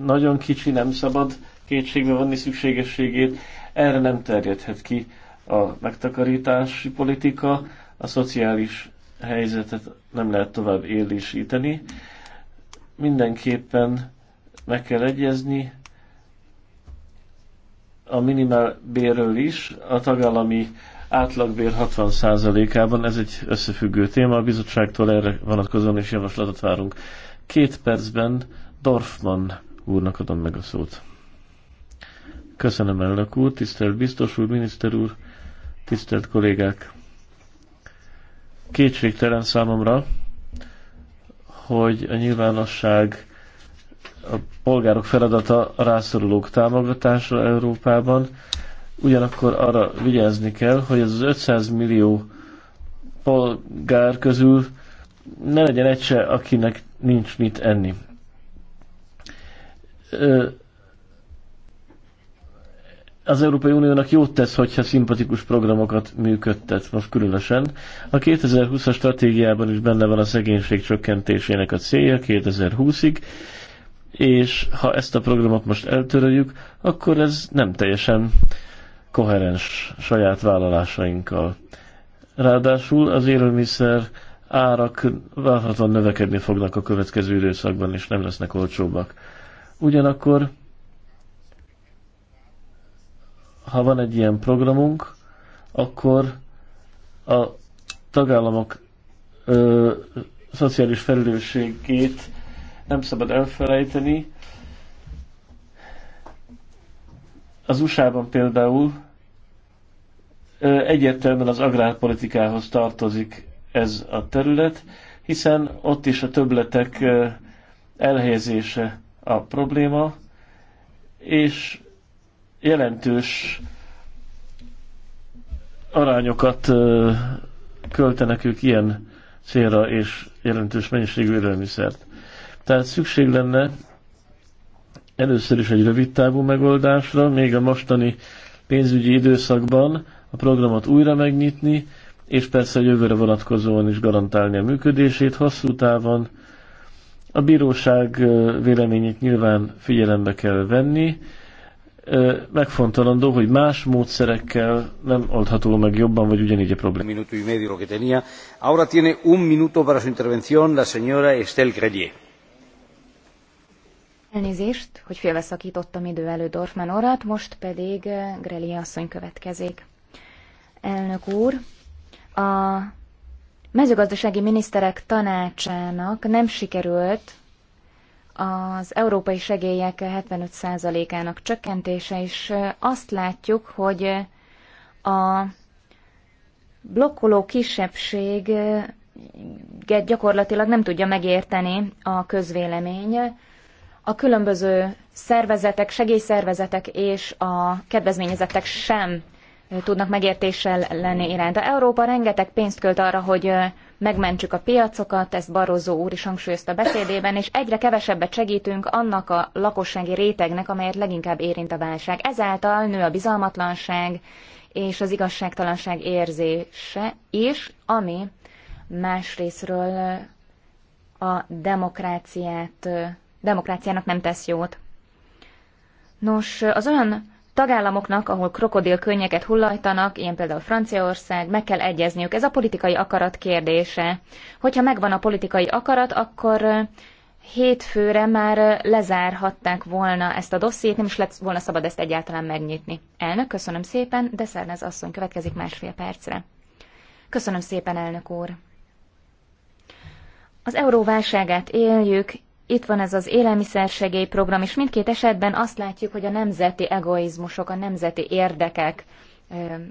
nagyon kicsi, nem szabad kétségbe vonni szükségességét, erre nem terjedhet ki a megtakarítási politika, a szociális helyzetet nem lehet tovább élésíteni. Mindenképpen meg kell egyezni a minimál bérről is, a tagállami átlagbér 60%-ában, ez egy összefüggő téma, a bizottságtól erre vonatkozóan is javaslatot várunk. Két percben Dorfman úrnak adom meg a szót. Köszönöm, elnök úr, tisztelt biztos úr, miniszter úr, tisztelt kollégák! Kétségtelen számomra, hogy a nyilvánosság a polgárok feladata a rászorulók támogatása Európában, Ugyanakkor arra vigyázni kell, hogy ez az 500 millió polgár közül ne legyen egy se, akinek nincs mit enni. Az Európai Uniónak jót tesz, hogyha szimpatikus programokat működtet, most különösen. A 2020-as stratégiában is benne van a szegénység csökkentésének a célja 2020-ig, és ha ezt a programot most eltöröljük, akkor ez nem teljesen koherens saját vállalásainkkal. Ráadásul az élelmiszer árak várhatóan növekedni fognak a következő időszakban, és nem lesznek olcsóbbak. Ugyanakkor, ha van egy ilyen programunk, akkor a tagállamok ö, szociális felelősségét nem szabad elfelejteni. Az USA-ban például Egyértelműen az agrárpolitikához tartozik ez a terület, hiszen ott is a többletek elhelyezése a probléma, és jelentős arányokat költenek ők ilyen célra és jelentős mennyiségű élelmiszert. Tehát szükség lenne először is egy rövid távú megoldásra, még a mostani pénzügyi időszakban, a programot újra megnyitni, és persze a jövőre vonatkozóan is garantálni a működését hosszú távon. A bíróság véleményét nyilván figyelembe kell venni. Megfontolandó, hogy más módszerekkel nem oldható meg jobban, vagy ugyanígy a probléma. Minuto y medio lo que tenía. Ahora tiene un minuto para su intervención la señora Estelle Grelier. Elnézést, hogy félbeszakítottam idő elő Dorfman orrát, most pedig Grelia asszony következik elnök úr. A mezőgazdasági miniszterek tanácsának nem sikerült az európai segélyek 75%-ának csökkentése, és azt látjuk, hogy a blokkoló kisebbség gyakorlatilag nem tudja megérteni a közvélemény. A különböző szervezetek, segélyszervezetek és a kedvezményezettek sem tudnak megértéssel lenni iránta. Európa rengeteg pénzt költ arra, hogy megmentsük a piacokat, ezt Barozó úr is hangsúlyozta beszédében, és egyre kevesebbet segítünk annak a lakossági rétegnek, amelyet leginkább érint a válság. Ezáltal nő a bizalmatlanság és az igazságtalanság érzése is, ami másrésztről a demokráciát, demokráciának nem tesz jót. Nos, az olyan tagállamoknak, ahol krokodil könnyeket hullajtanak, ilyen például Franciaország, meg kell egyezniük. Ez a politikai akarat kérdése. Hogyha megvan a politikai akarat, akkor hétfőre már lezárhatták volna ezt a dossziét, nem is lett volna szabad ezt egyáltalán megnyitni. Elnök, köszönöm szépen, de Szernez asszony következik másfél percre. Köszönöm szépen, elnök úr. Az euró válságát éljük, itt van ez az élelmiszersegély program, és mindkét esetben azt látjuk, hogy a nemzeti egoizmusok, a nemzeti érdekek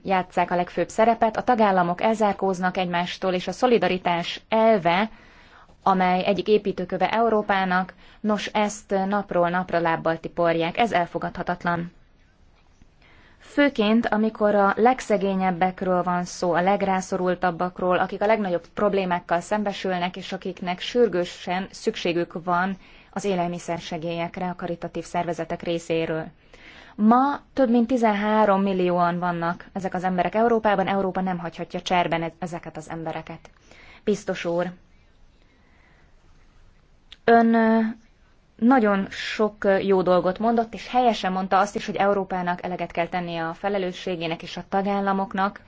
játszák a legfőbb szerepet. A tagállamok elzárkóznak egymástól, és a szolidaritás elve, amely egyik építőköve Európának, nos ezt napról napra lábbal tiporják. Ez elfogadhatatlan főként amikor a legszegényebbekről van szó, a legrászorultabbakról, akik a legnagyobb problémákkal szembesülnek, és akiknek sürgősen szükségük van az élelmiszersegélyekre a karitatív szervezetek részéről. Ma több mint 13 millióan vannak ezek az emberek Európában, Európa nem hagyhatja cserben e- ezeket az embereket. Biztos úr, ön nagyon sok jó dolgot mondott, és helyesen mondta azt is, hogy Európának eleget kell tennie a felelősségének és a tagállamoknak.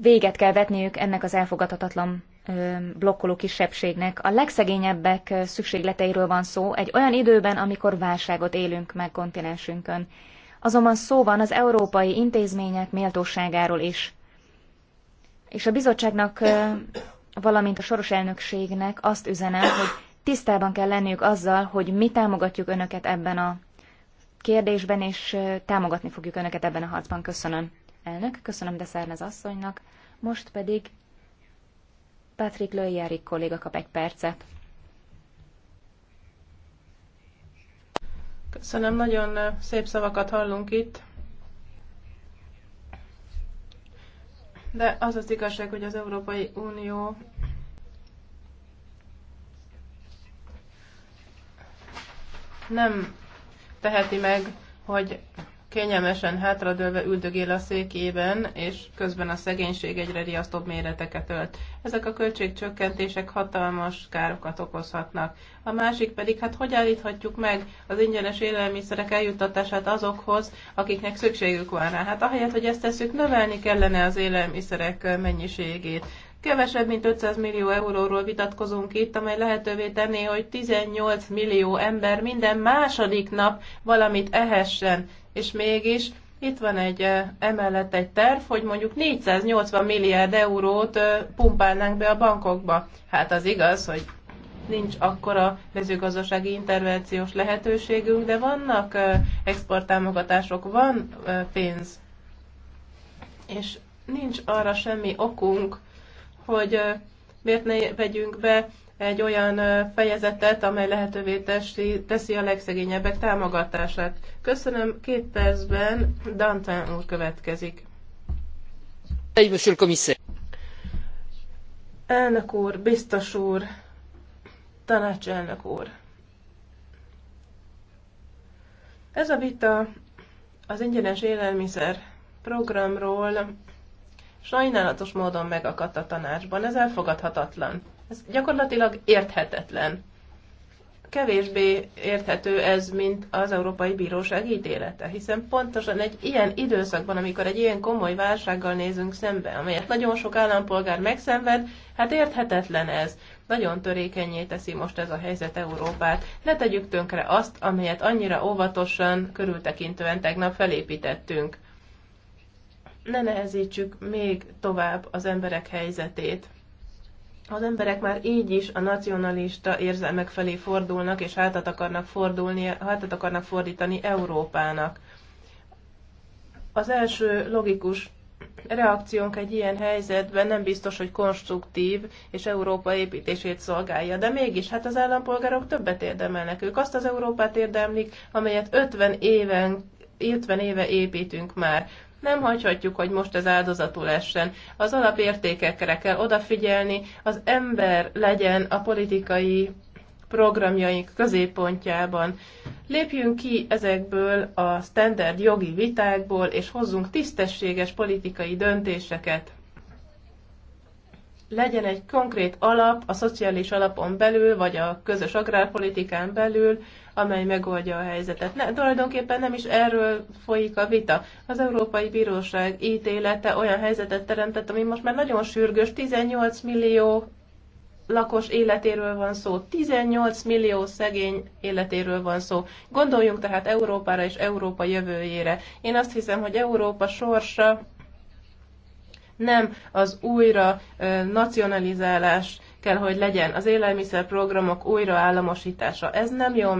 Véget kell vetniük ennek az elfogadhatatlan blokkoló kisebbségnek. A legszegényebbek szükségleteiről van szó egy olyan időben, amikor válságot élünk meg kontinensünkön. Azonban szó van az európai intézmények méltóságáról is. És a bizottságnak, valamint a soros elnökségnek azt üzenem, hogy tisztában kell lenniük azzal, hogy mi támogatjuk önöket ebben a kérdésben, és támogatni fogjuk önöket ebben a harcban. Köszönöm. Elnök, köszönöm de az asszonynak. Most pedig Patrick Löjjárik kolléga kap egy percet. Köszönöm, nagyon szép szavakat hallunk itt. De az az igazság, hogy az Európai Unió nem teheti meg, hogy kényelmesen hátradőlve üldögél a székében, és közben a szegénység egyre riasztóbb méreteket ölt. Ezek a költségcsökkentések hatalmas károkat okozhatnak. A másik pedig, hát hogy állíthatjuk meg az ingyenes élelmiszerek eljuttatását azokhoz, akiknek szükségük van rá? Hát ahelyett, hogy ezt tesszük, növelni kellene az élelmiszerek mennyiségét. Kevesebb, mint 500 millió euróról vitatkozunk itt, amely lehetővé tenné, hogy 18 millió ember minden második nap valamit ehessen, és mégis itt van egy emellett egy terv, hogy mondjuk 480 milliárd eurót pumpálnánk be a bankokba. Hát az igaz, hogy nincs akkora mezőgazdasági intervenciós lehetőségünk, de vannak exporttámogatások, van pénz. És nincs arra semmi okunk, hogy miért ne vegyünk be egy olyan fejezetet, amely lehetővé teszi, teszi a legszegényebbek támogatását. Köszönöm, két percben Dantán úr következik. Elnök úr, biztos úr, tanácselnök úr. Ez a vita az ingyenes élelmiszer programról sajnálatos módon megakadt a tanácsban. Ez elfogadhatatlan. Ez gyakorlatilag érthetetlen. Kevésbé érthető ez, mint az Európai Bíróság ítélete, hiszen pontosan egy ilyen időszakban, amikor egy ilyen komoly válsággal nézünk szembe, amelyet nagyon sok állampolgár megszenved, hát érthetetlen ez. Nagyon törékenyé teszi most ez a helyzet Európát. Ne tegyük tönkre azt, amelyet annyira óvatosan, körültekintően tegnap felépítettünk ne nehezítsük még tovább az emberek helyzetét. Az emberek már így is a nacionalista érzelmek felé fordulnak, és hátat akarnak, fordulni, hátat akarnak fordítani Európának. Az első logikus reakciónk egy ilyen helyzetben nem biztos, hogy konstruktív és Európa építését szolgálja, de mégis hát az állampolgárok többet érdemelnek. Ők azt az Európát érdemlik, amelyet 50 éven 50 éve építünk már. Nem hagyhatjuk, hogy most ez áldozatul essen. Az alapértékekre kell odafigyelni, az ember legyen a politikai programjaink középpontjában. Lépjünk ki ezekből a standard jogi vitákból, és hozzunk tisztességes politikai döntéseket. Legyen egy konkrét alap a szociális alapon belül, vagy a közös agrárpolitikán belül, amely megoldja a helyzetet. Ne, tulajdonképpen nem is erről folyik a vita. Az Európai Bíróság ítélete olyan helyzetet teremtett, ami most már nagyon sürgős, 18 millió lakos életéről van szó, 18 millió szegény életéről van szó. Gondoljunk tehát Európára és Európa jövőjére. Én azt hiszem, hogy Európa sorsa nem az újra nacionalizálás kell, hogy legyen az élelmiszerprogramok újraállamosítása. Ez nem jó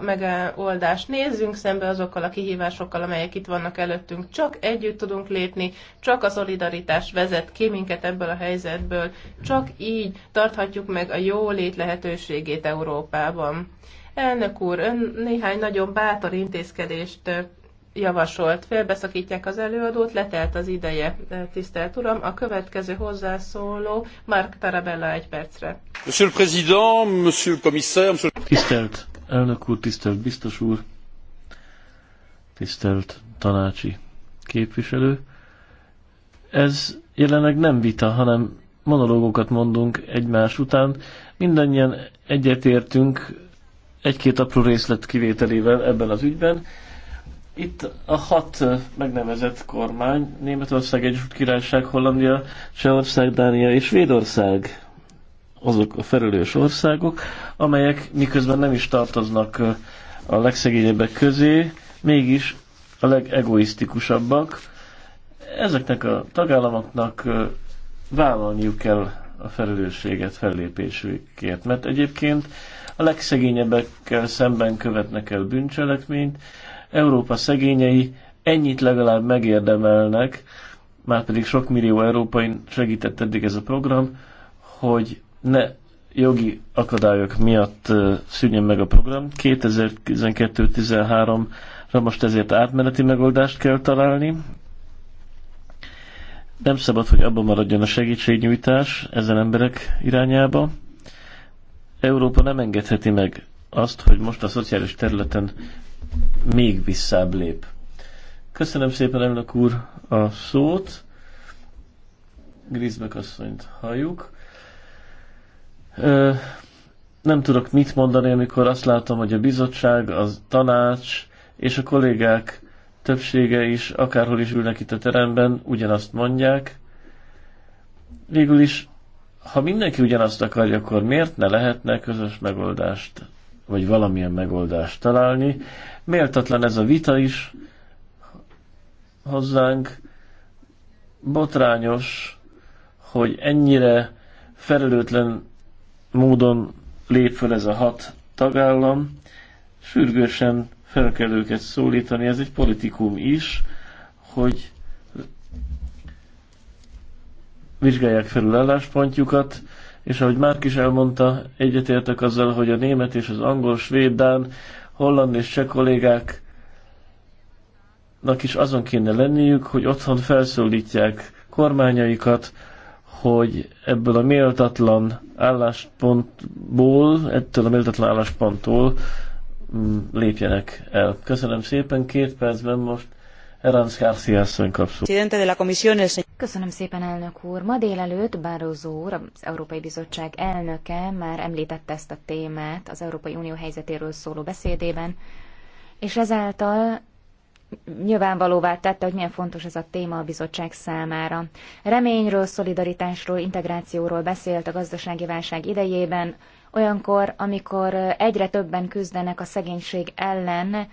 megoldás. Nézzünk szembe azokkal a kihívásokkal, amelyek itt vannak előttünk. Csak együtt tudunk lépni, csak a szolidaritás vezet ki minket ebből a helyzetből. Csak így tarthatjuk meg a jó lét lehetőségét Európában. Elnök úr, ön néhány nagyon bátor intézkedést javasolt. Félbeszakítják az előadót, letelt az ideje, e, tisztelt Uram. A következő hozzászóló Mark Tarabella egy percre. Monsieur le Président, Monsieur le Commissaire, Monsieur... Tisztelt elnök úr, tisztelt biztos úr, tisztelt tanácsi képviselő. Ez jelenleg nem vita, hanem monológokat mondunk egymás után. Mindannyian egyetértünk egy-két apró részlet kivételével ebben az ügyben itt a hat megnevezett kormány, Németország, Egyesült Királyság, Hollandia, Csehország, Dánia és Svédország azok a felelős országok, amelyek miközben nem is tartoznak a legszegényebbek közé, mégis a legegoisztikusabbak. Ezeknek a tagállamoknak vállalniuk kell a felelősséget fellépésükért, mert egyébként a legszegényebbekkel szemben követnek el bűncselekményt, Európa szegényei ennyit legalább megérdemelnek, már pedig sok millió európai segített eddig ez a program, hogy ne jogi akadályok miatt szűnjön meg a program. 2012-13-ra most ezért átmeneti megoldást kell találni. Nem szabad, hogy abban maradjon a segítségnyújtás ezen emberek irányába. Európa nem engedheti meg azt, hogy most a szociális területen még visszább lép. Köszönöm szépen, elnök úr, a szót. Grisbek asszonyt halljuk. Ö, nem tudok mit mondani, amikor azt látom, hogy a bizottság, a tanács és a kollégák többsége is, akárhol is ülnek itt a teremben, ugyanazt mondják. Végül is, ha mindenki ugyanazt akarja, akkor miért ne lehetne közös megoldást, vagy valamilyen megoldást találni? Méltatlan ez a vita is hozzánk. Botrányos, hogy ennyire felelőtlen módon lép föl ez a hat tagállam. Sürgősen fel kell őket szólítani, ez egy politikum is, hogy vizsgálják felül álláspontjukat, és ahogy Márk is elmondta, egyetértek azzal, hogy a német és az angol, svéd, dán holland és cseh kollégáknak is azon kéne lenniük, hogy otthon felszólítják kormányaikat, hogy ebből a méltatlan álláspontból, ettől a méltatlan állásponttól mm, lépjenek el. Köszönöm szépen, két percben most Eranz Garcia asszony kapszul. Köszönöm szépen, elnök úr. Ma délelőtt Barroso úr, az Európai Bizottság elnöke már említette ezt a témát az Európai Unió helyzetéről szóló beszédében, és ezáltal nyilvánvalóvá tette, hogy milyen fontos ez a téma a bizottság számára. Reményről, szolidaritásról, integrációról beszélt a gazdasági válság idejében, olyankor, amikor egyre többen küzdenek a szegénység ellen,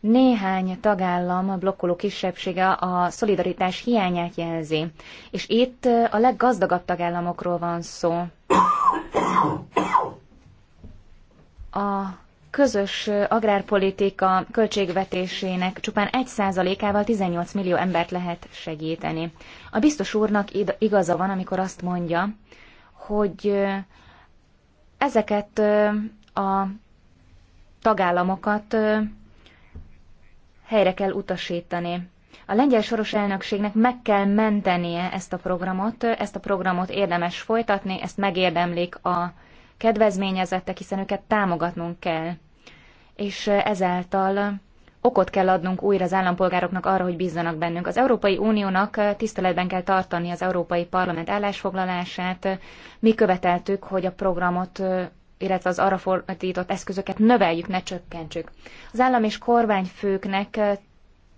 néhány tagállam blokkoló kisebbsége a szolidaritás hiányát jelzi. És itt a leggazdagabb tagállamokról van szó. A közös agrárpolitika költségvetésének csupán 1%-ával 18 millió embert lehet segíteni. A biztos úrnak igaza van, amikor azt mondja, hogy ezeket a tagállamokat helyre kell utasítani. A lengyel soros elnökségnek meg kell mentenie ezt a programot, ezt a programot érdemes folytatni, ezt megérdemlik a kedvezményezettek, hiszen őket támogatnunk kell. És ezáltal okot kell adnunk újra az állampolgároknak arra, hogy bízzanak bennünk. Az Európai Uniónak tiszteletben kell tartani az Európai Parlament állásfoglalását. Mi követeltük, hogy a programot illetve az arra fordított eszközöket növeljük, ne csökkentsük. Az állam és kormányfőknek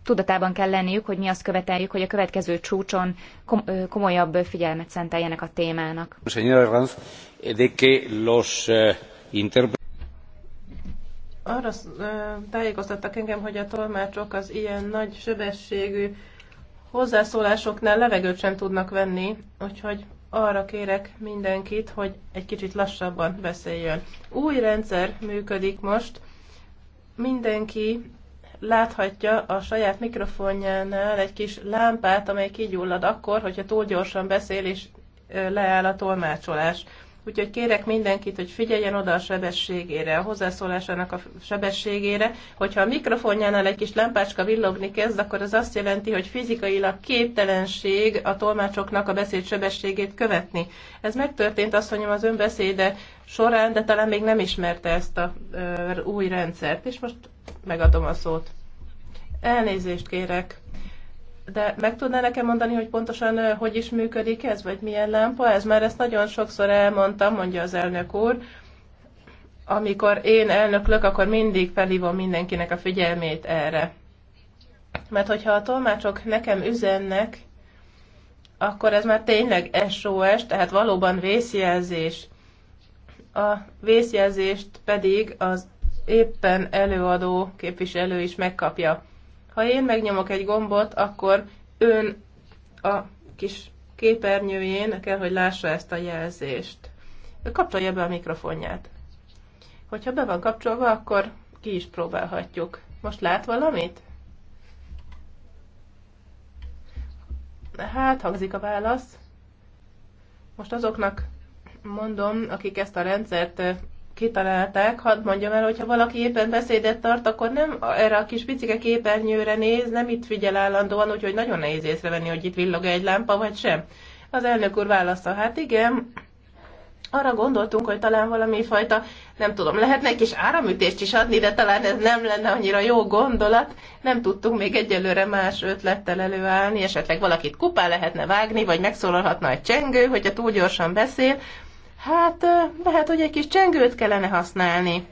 tudatában kell lenniük, hogy mi azt követeljük, hogy a következő csúcson komolyabb figyelmet szenteljenek a témának. Eh, eh, arra tájékoztattak engem, hogy a tolmácsok az ilyen nagy sebességű hozzászólásoknál levegőt sem tudnak venni, úgyhogy arra kérek mindenkit, hogy egy kicsit lassabban beszéljön. Új rendszer működik most, mindenki láthatja a saját mikrofonjánál egy kis lámpát, amely kigyullad akkor, hogyha túl gyorsan beszél és leáll a tolmácsolás. Úgyhogy kérek mindenkit, hogy figyeljen oda a sebességére, a hozzászólásának a sebességére. Hogyha a mikrofonjánál egy kis lámpácska villogni kezd, akkor az azt jelenti, hogy fizikailag képtelenség a tolmácsoknak a beszéd sebességét követni. Ez megtörtént, azt mondjam, az önbeszéde során, de talán még nem ismerte ezt a ö, új rendszert. És most megadom a szót. Elnézést kérek. De meg tudná nekem mondani, hogy pontosan hogy is működik ez, vagy milyen lámpa ez? Már ezt nagyon sokszor elmondtam, mondja az elnök úr. Amikor én elnöklök, akkor mindig felhívom mindenkinek a figyelmét erre. Mert hogyha a tolmácsok nekem üzennek, akkor ez már tényleg SOS, tehát valóban vészjelzés. A vészjelzést pedig az éppen előadó képviselő is megkapja. Ha én megnyomok egy gombot, akkor ön a kis képernyőjén kell, hogy lássa ezt a jelzést. Kapcsolja be a mikrofonját. Hogyha be van kapcsolva, akkor ki is próbálhatjuk. Most lát valamit? Hát, hangzik a válasz. Most azoknak mondom, akik ezt a rendszert kitalálták, hadd mondjam el, hogyha valaki éppen beszédet tart, akkor nem erre a kis picike képernyőre néz, nem itt figyel állandóan, úgyhogy nagyon nehéz észrevenni, hogy itt villog egy lámpa, vagy sem. Az elnök úr válasza, hát igen, arra gondoltunk, hogy talán valami fajta, nem tudom, lehetne egy kis áramütést is adni, de talán ez nem lenne annyira jó gondolat. Nem tudtunk még egyelőre más ötlettel előállni, esetleg valakit kupá lehetne vágni, vagy megszólalhatna egy csengő, hogyha túl gyorsan beszél. Hát lehet, hogy egy kis csengőt kellene használni.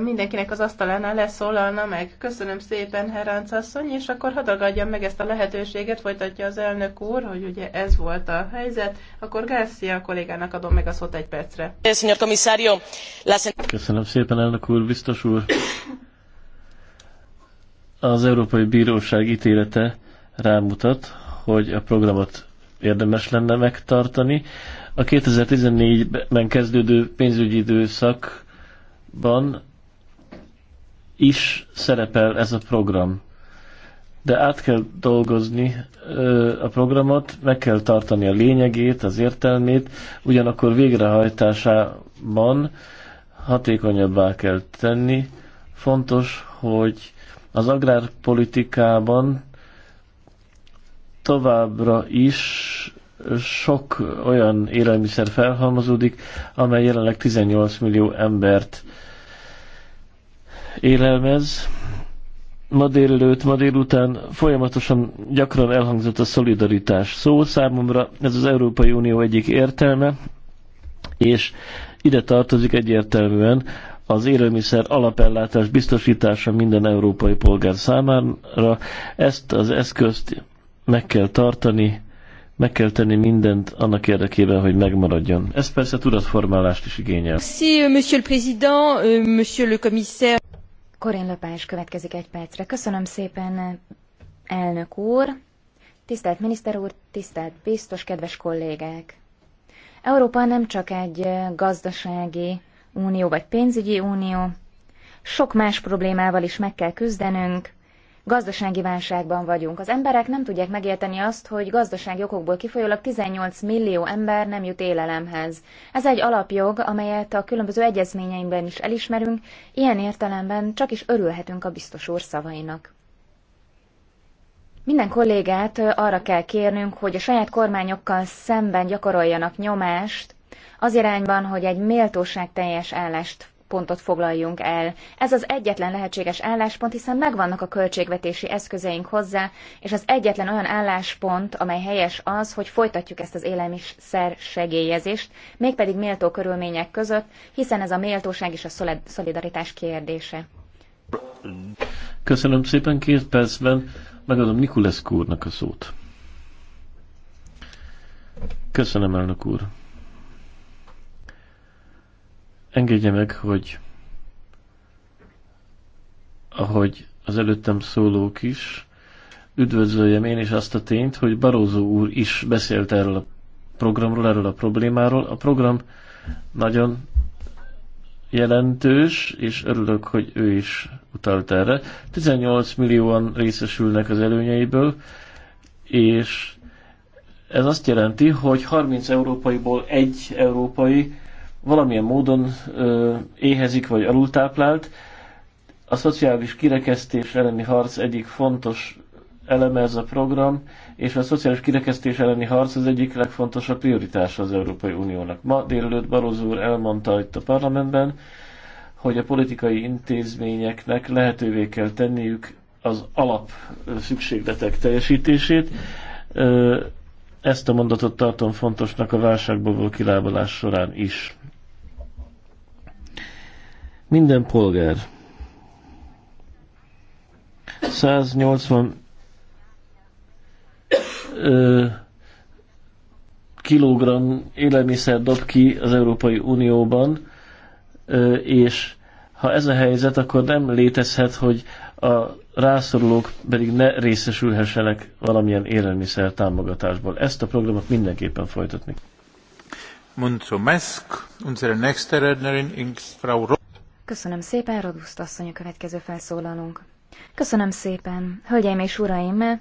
Mindenkinek az asztalánál leszólalna meg. Köszönöm szépen, Heránc asszony, és akkor hadd meg ezt a lehetőséget, folytatja az elnök úr, hogy ugye ez volt a helyzet. Akkor Garcia kollégának adom meg a szót egy percre. Köszönöm szépen, elnök úr, biztos úr. Az Európai Bíróság ítélete rámutat, hogy a programot érdemes lenne megtartani. A 2014-ben kezdődő pénzügyi időszakban is szerepel ez a program. De át kell dolgozni ö, a programot, meg kell tartani a lényegét, az értelmét, ugyanakkor végrehajtásában hatékonyabbá kell tenni. Fontos, hogy az agrárpolitikában továbbra is sok olyan élelmiszer felhalmozódik, amely jelenleg 18 millió embert élelmez. Ma délelőtt, ma délután folyamatosan gyakran elhangzott a szolidaritás szó. Számomra ez az Európai Unió egyik értelme, és ide tartozik egyértelműen az élelmiszer alapellátás biztosítása minden európai polgár számára. Ezt az eszközt meg kell tartani, meg kell tenni mindent annak érdekében, hogy megmaradjon. Ez persze tudatformálást is igényel. Si, euh, monsieur le président, euh, monsieur le commissaire. Corinne Lepage következik egy percre. Köszönöm szépen, elnök úr, tisztelt miniszter úr, tisztelt biztos, kedves kollégák. Európa nem csak egy gazdasági unió vagy pénzügyi unió, sok más problémával is meg kell küzdenünk, Gazdasági válságban vagyunk. Az emberek nem tudják megérteni azt, hogy gazdasági okokból kifolyólag 18 millió ember nem jut élelemhez. Ez egy alapjog, amelyet a különböző egyezményeinkben is elismerünk, ilyen értelemben csak is örülhetünk a biztos úr szavainak. Minden kollégát arra kell kérnünk, hogy a saját kormányokkal szemben gyakoroljanak nyomást az irányban, hogy egy méltóság teljes állást álláspontot foglaljunk el. Ez az egyetlen lehetséges álláspont, hiszen megvannak a költségvetési eszközeink hozzá, és az egyetlen olyan álláspont, amely helyes az, hogy folytatjuk ezt az élelmiszer segélyezést, mégpedig méltó körülmények között, hiszen ez a méltóság és a szolidaritás kérdése. Köszönöm szépen, két percben megadom Nikulesz úrnak a szót. Köszönöm, elnök úr. Engedje meg, hogy ahogy az előttem szólók is, üdvözöljem én is azt a tényt, hogy Barózó úr is beszélt erről a programról, erről a problémáról. A program nagyon jelentős, és örülök, hogy ő is utalt erre. 18 millióan részesülnek az előnyeiből, és ez azt jelenti, hogy 30 európaiból egy európai valamilyen módon ö, éhezik vagy alultáplált. A szociális kirekesztés elleni harc egyik fontos eleme ez a program, és a szociális kirekesztés elleni harc az egyik legfontosabb prioritása az Európai Uniónak. Ma délelőtt Barozó úr elmondta itt a parlamentben, hogy a politikai intézményeknek lehetővé kell tenniük az alap szükségletek teljesítését. Ezt a mondatot tartom fontosnak a válságból való kilábalás során is. Minden polgár 180 kilogram kilogramm élelmiszer dob ki az Európai Unióban, és ha ez a helyzet, akkor nem létezhet, hogy a rászorulók pedig ne részesülhessenek valamilyen élelmiszer támogatásból. Ezt a programot mindenképpen folytatni. Mulțumesc. Unsere nächste Rednerin ist Frau Köszönöm szépen, Roduszt asszony a következő felszólalónk. Köszönöm szépen, hölgyeim és uraim!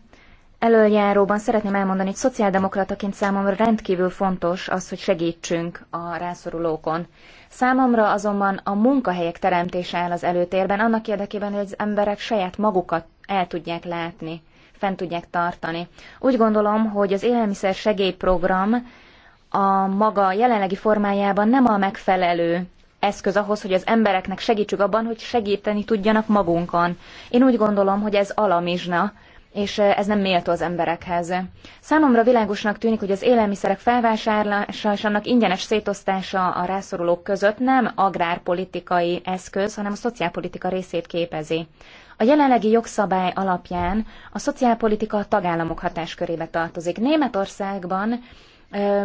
Előjáróban szeretném elmondani, hogy szociáldemokrataként számomra rendkívül fontos az, hogy segítsünk a rászorulókon. Számomra azonban a munkahelyek teremtése áll az előtérben, annak érdekében, hogy az emberek saját magukat el tudják látni, fent tudják tartani. Úgy gondolom, hogy az élelmiszer segélyprogram a maga jelenlegi formájában nem a megfelelő eszköz ahhoz, hogy az embereknek segítsük abban, hogy segíteni tudjanak magunkon. Én úgy gondolom, hogy ez alamizsna, és eh, ez nem méltó az emberekhez. Számomra világosnak tűnik, hogy az élelmiszerek felvásárlása és annak ingyenes szétosztása a rászorulók között nem agrárpolitikai eszköz, hanem a szociálpolitika részét képezi. A jelenlegi jogszabály alapján a szociálpolitika a tagállamok hatáskörébe tartozik. Németországban eh,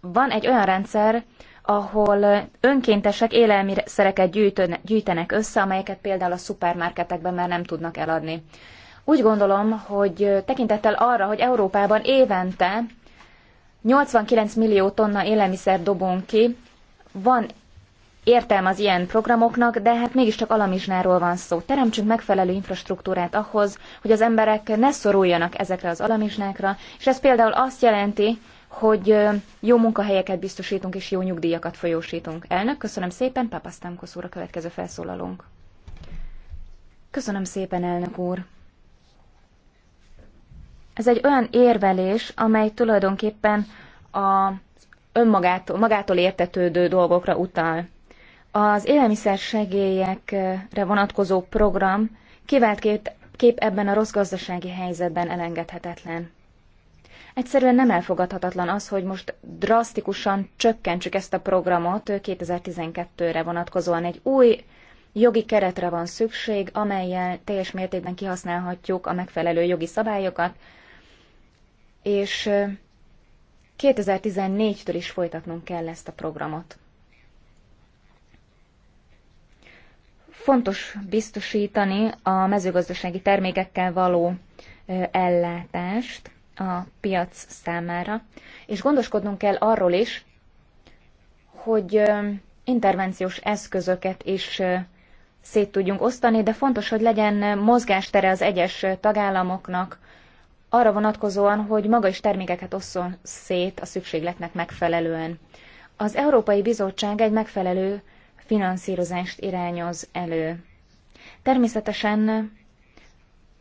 van egy olyan rendszer, ahol önkéntesek élelmiszereket gyűjtenek össze, amelyeket például a szupermarketekben már nem tudnak eladni. Úgy gondolom, hogy tekintettel arra, hogy Európában évente 89 millió tonna élelmiszer dobunk ki, van értelme az ilyen programoknak, de hát mégiscsak alamizsnáról van szó. Teremtsünk megfelelő infrastruktúrát ahhoz, hogy az emberek ne szoruljanak ezekre az alamizsnákra, és ez például azt jelenti, hogy jó munkahelyeket biztosítunk és jó nyugdíjakat folyósítunk. Elnök, köszönöm szépen, Papasztánkosz úr a következő felszólalónk. Köszönöm szépen, elnök úr. Ez egy olyan érvelés, amely tulajdonképpen a önmagától magától értetődő dolgokra utal. Az segélyekre vonatkozó program kivált kép, kép ebben a rossz gazdasági helyzetben elengedhetetlen. Egyszerűen nem elfogadhatatlan az, hogy most drasztikusan csökkentsük ezt a programot 2012-re vonatkozóan. Egy új jogi keretre van szükség, amelyel teljes mértékben kihasználhatjuk a megfelelő jogi szabályokat, és 2014-től is folytatnunk kell ezt a programot. Fontos biztosítani a mezőgazdasági termékekkel való ellátást, a piac számára, és gondoskodnunk kell arról is, hogy intervenciós eszközöket is szét tudjunk osztani, de fontos, hogy legyen mozgástere az egyes tagállamoknak arra vonatkozóan, hogy maga is termékeket osszon szét a szükségletnek megfelelően. Az Európai Bizottság egy megfelelő finanszírozást irányoz elő. Természetesen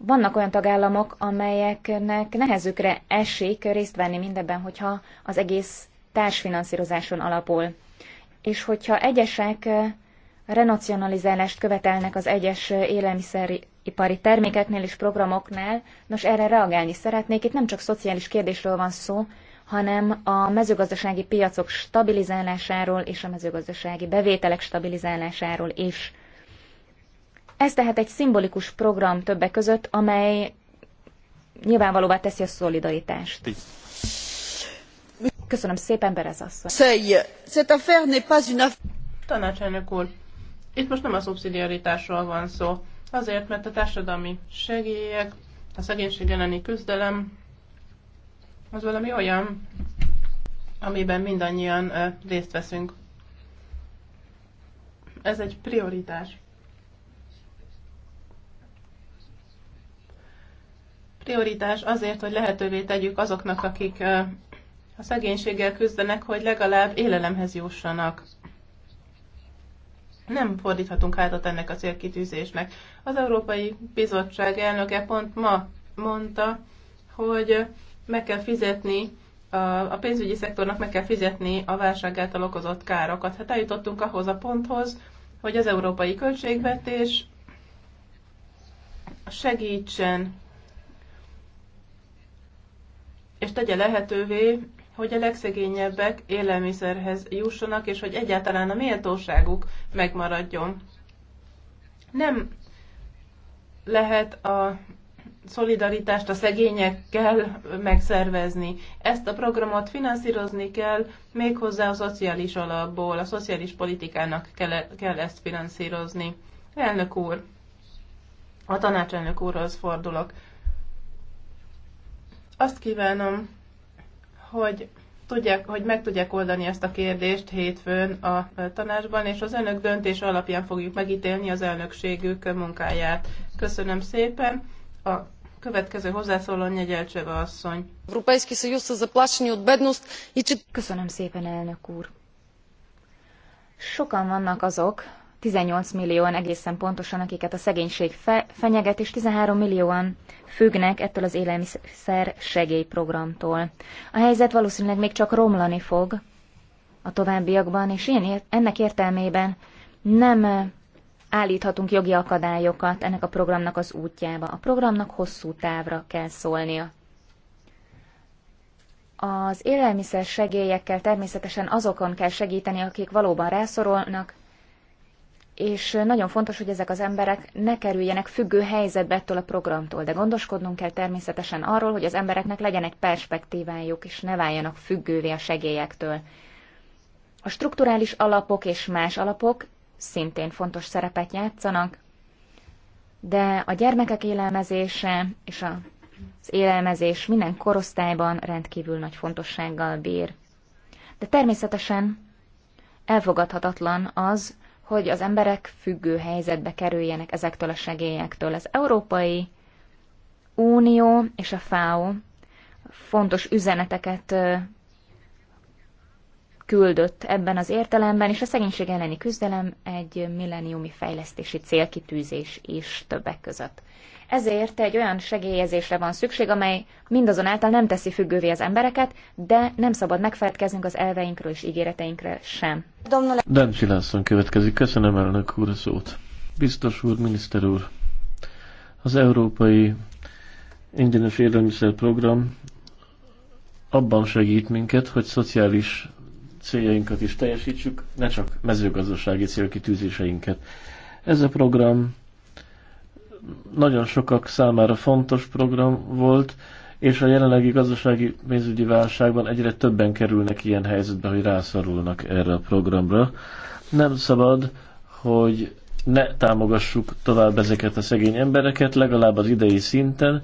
vannak olyan tagállamok, amelyeknek nehezükre esik részt venni mindebben, hogyha az egész társfinanszírozáson alapul. És hogyha egyesek renacionalizálást követelnek az egyes élelmiszeripari termékeknél és programoknál, nos erre reagálni szeretnék. Itt nem csak szociális kérdésről van szó, hanem a mezőgazdasági piacok stabilizálásáról és a mezőgazdasági bevételek stabilizálásáról is. Ez tehát egy szimbolikus program többek között, amely nyilvánvalóvá teszi a szolidaritást. Köszönöm szépen, Berez asszony. Tanácselnök úr, itt most nem a szubszidiaritásról van szó. Azért, mert a társadalmi segélyek, a szegénység elleni küzdelem, az valami olyan, amiben mindannyian részt veszünk. Ez egy prioritás. prioritás azért, hogy lehetővé tegyük azoknak, akik a szegénységgel küzdenek, hogy legalább élelemhez jussanak. Nem fordíthatunk hátat ennek a célkitűzésnek. Az Európai Bizottság elnöke pont ma mondta, hogy meg kell fizetni, a pénzügyi szektornak meg kell fizetni a válság által okozott károkat. Hát eljutottunk ahhoz a ponthoz, hogy az európai költségvetés segítsen és tegye lehetővé, hogy a legszegényebbek élelmiszerhez jussanak, és hogy egyáltalán a méltóságuk megmaradjon. Nem lehet a szolidaritást a szegényekkel megszervezni. Ezt a programot finanszírozni kell, méghozzá a szociális alapból, a szociális politikának kell, kell ezt finanszírozni. Elnök úr, a tanácselnök úrhoz fordulok. Azt kívánom, hogy tudják, hogy meg tudják oldani ezt a kérdést hétfőn a e, tanácsban, és az önök döntés alapján fogjuk megítélni az elnökségük munkáját. Köszönöm szépen. A következő hozzászóló Nyegyelcseve asszony. Köszönöm szépen, elnök úr. Sokan vannak azok, 18 millióan egészen pontosan, akiket a szegénység fe- fenyeget, és 13 millióan függnek ettől az élelmiszer segélyprogramtól. A helyzet valószínűleg még csak romlani fog a továbbiakban, és ér- ennek értelmében nem eh, állíthatunk jogi akadályokat ennek a programnak az útjába. A programnak hosszú távra kell szólnia. Az élelmiszer segélyekkel természetesen azokon kell segíteni, akik valóban rászorolnak, és nagyon fontos, hogy ezek az emberek ne kerüljenek függő helyzetbe ettől a programtól, de gondoskodnunk kell természetesen arról, hogy az embereknek legyen egy perspektívájuk, és ne váljanak függővé a segélyektől. A strukturális alapok és más alapok szintén fontos szerepet játszanak, de a gyermekek élelmezése és az élelmezés minden korosztályban rendkívül nagy fontossággal bír. De természetesen elfogadhatatlan az, hogy az emberek függő helyzetbe kerüljenek ezektől a segélyektől. Az Európai Unió és a FAO fontos üzeneteket küldött ebben az értelemben, és a szegénység elleni küzdelem egy milleniumi fejlesztési célkitűzés is többek között. Ezért egy olyan segélyezésre van szükség, amely mindazonáltal nem teszi függővé az embereket, de nem szabad megfelelkeznünk az elveinkről és ígéreteinkről sem. Dan Csilászon következik. Köszönöm elnök úr a szót. Biztos úr, miniszter úr, az Európai Ingyenes Élelmiszer Program abban segít minket, hogy szociális céljainkat is teljesítsük, ne csak mezőgazdasági célkitűzéseinket. Ez a program nagyon sokak számára fontos program volt, és a jelenlegi gazdasági pénzügyi válságban egyre többen kerülnek ilyen helyzetbe, hogy rászorulnak erre a programra. Nem szabad, hogy ne támogassuk tovább ezeket a szegény embereket, legalább az idei szinten.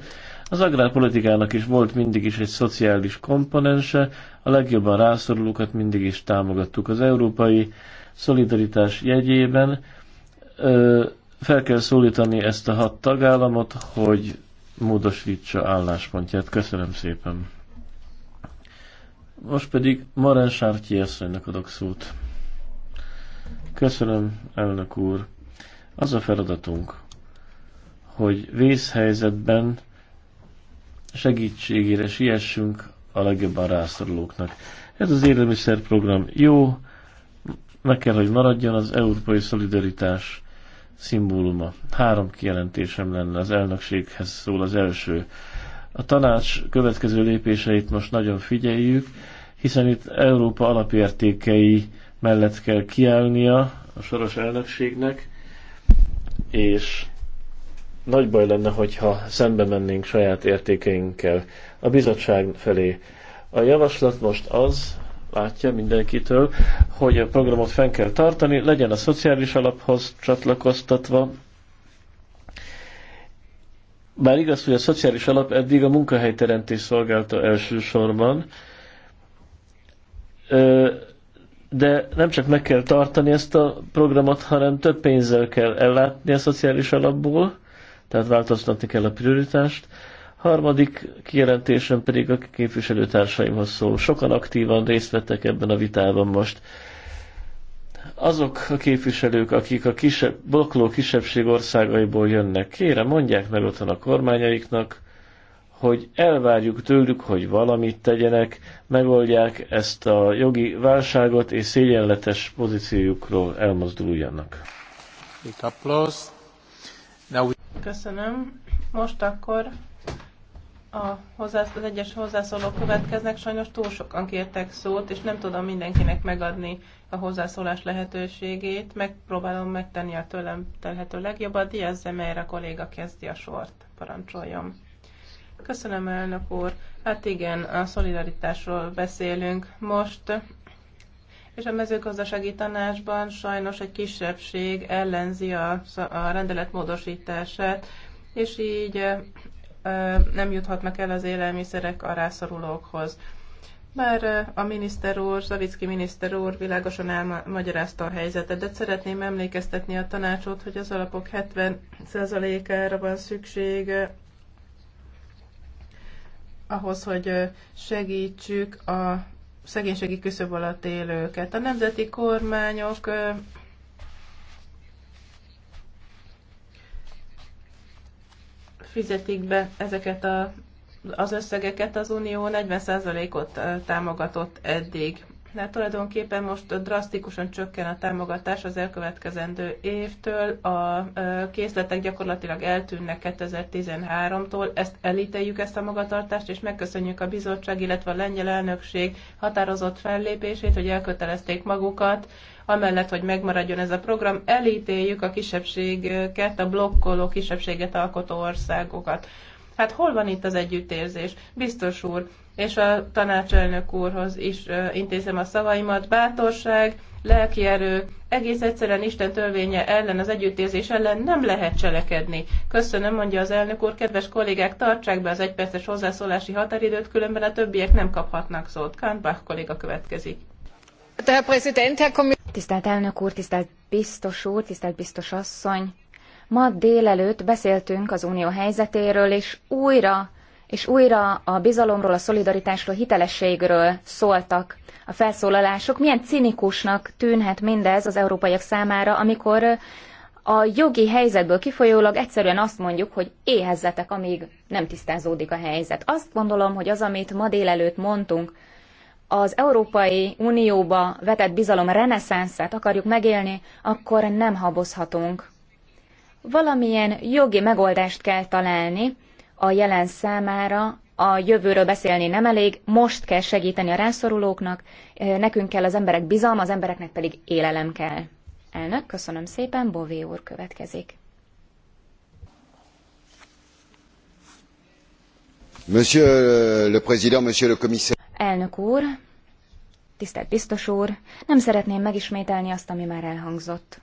Az agrárpolitikának is volt mindig is egy szociális komponense, a legjobban rászorulókat mindig is támogattuk. Az európai szolidaritás jegyében ö, fel kell szólítani ezt a hat tagállamot, hogy módosítsa álláspontját. Köszönöm szépen. Most pedig Maren Sárti asszonynak adok szót. Köszönöm, elnök úr. Az a feladatunk, hogy vészhelyzetben segítségére siessünk a legjobban rászorulóknak. Ez az élelmiszerprogram jó, meg kell, hogy maradjon az európai szolidaritás szimbóluma. Három kijelentésem lenne az elnökséghez szól az első. A tanács következő lépéseit most nagyon figyeljük, hiszen itt Európa alapértékei mellett kell kiállnia a soros elnökségnek, és nagy baj lenne, hogyha szembe mennénk saját értékeinkkel a bizottság felé. A javaslat most az, látja mindenkitől, hogy a programot fenn kell tartani, legyen a szociális alaphoz csatlakoztatva, bár igaz, hogy a szociális alap eddig a munkahelyteremtés szolgálta elsősorban, de nem csak meg kell tartani ezt a programot, hanem több pénzzel kell ellátni a szociális alapból, tehát változtatni kell a prioritást, Harmadik kijelentésem pedig a képviselőtársaimhoz szól. Sokan aktívan részt vettek ebben a vitában most. Azok a képviselők, akik a kisebb, blokkoló kisebbség országaiból jönnek, kérem, mondják meg otthon a kormányaiknak, hogy elvárjuk tőlük, hogy valamit tegyenek, megoldják ezt a jogi válságot, és szégyenletes pozíciójukról elmozduljanak. Köszönöm. Most akkor a hozzász, az egyes hozzászólók következnek, sajnos túl sokan kértek szót, és nem tudom mindenkinek megadni a hozzászólás lehetőségét. Megpróbálom megtenni a tőlem telhető legjobbat. melyre a kolléga kezdi a sort. parancsoljam. Köszönöm, elnök úr. Hát igen, a szolidaritásról beszélünk most, és a mezőgazdasági tanácsban sajnos egy kisebbség ellenzi a, a rendelet módosítását, és így nem juthatnak el az élelmiszerek a rászorulókhoz. Bár a miniszter úr, Zavicki miniszter úr világosan elmagyarázta a helyzetet, de szeretném emlékeztetni a tanácsot, hogy az alapok 70%-ára van szükség ahhoz, hogy segítsük a szegénységi küszöb alatt élőket. A nemzeti kormányok fizetik be ezeket a, az összegeket, az Unió 40%-ot támogatott eddig de tulajdonképpen most drasztikusan csökken a támogatás az elkövetkezendő évtől, a készletek gyakorlatilag eltűnnek 2013-tól, ezt elítéljük ezt a magatartást, és megköszönjük a bizottság, illetve a lengyel elnökség határozott fellépését, hogy elkötelezték magukat, amellett, hogy megmaradjon ez a program, elítéljük a kisebbséget, a blokkoló kisebbséget alkotó országokat. Hát hol van itt az együttérzés? Biztos úr, és a tanácselnök úrhoz is intézem a szavaimat. Bátorság, lelki erő, egész egyszerűen Isten törvénye ellen, az együttérzés ellen nem lehet cselekedni. Köszönöm, mondja az elnök úr, kedves kollégák, tartsák be az egyperces hozzászólási határidőt, különben a többiek nem kaphatnak szót. Kantbach kolléga következik. Tisztelt elnök úr, tisztelt biztos úr, tisztelt biztos asszony! Ma délelőtt beszéltünk az unió helyzetéről, és újra és újra a bizalomról, a szolidaritásról, a hitelességről szóltak a felszólalások. Milyen cinikusnak tűnhet mindez az európaiak számára, amikor a jogi helyzetből kifolyólag egyszerűen azt mondjuk, hogy éhezzetek, amíg nem tisztázódik a helyzet. Azt gondolom, hogy az, amit ma délelőtt mondtunk, az Európai Unióba vetett bizalom reneszánszát akarjuk megélni, akkor nem habozhatunk. Valamilyen jogi megoldást kell találni, a jelen számára, a jövőről beszélni nem elég, most kell segíteni a rászorulóknak, nekünk kell az emberek bizalma, az embereknek pedig élelem kell. Elnök, köszönöm szépen, Bové úr következik. Monsieur euh, le Président, Monsieur le Commissaire. Elnök úr, tisztelt biztos úr, nem szeretném megismételni azt, ami már elhangzott.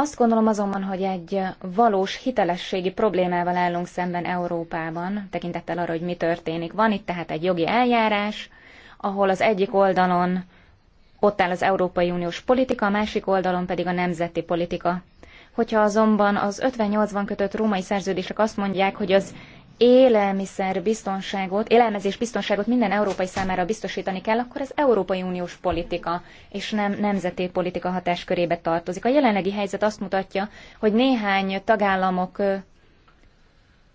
Azt gondolom azonban, hogy egy valós hitelességi problémával állunk szemben Európában, tekintettel arra, hogy mi történik. Van itt tehát egy jogi eljárás, ahol az egyik oldalon ott áll az Európai Uniós politika, a másik oldalon pedig a nemzeti politika. Hogyha azonban az 58-ban kötött római szerződések azt mondják, hogy az élelmiszer biztonságot, élelmezés biztonságot minden európai számára biztosítani kell, akkor ez Európai Uniós politika, és nem nemzeti politika hatáskörébe tartozik. A jelenlegi helyzet azt mutatja, hogy néhány tagállamok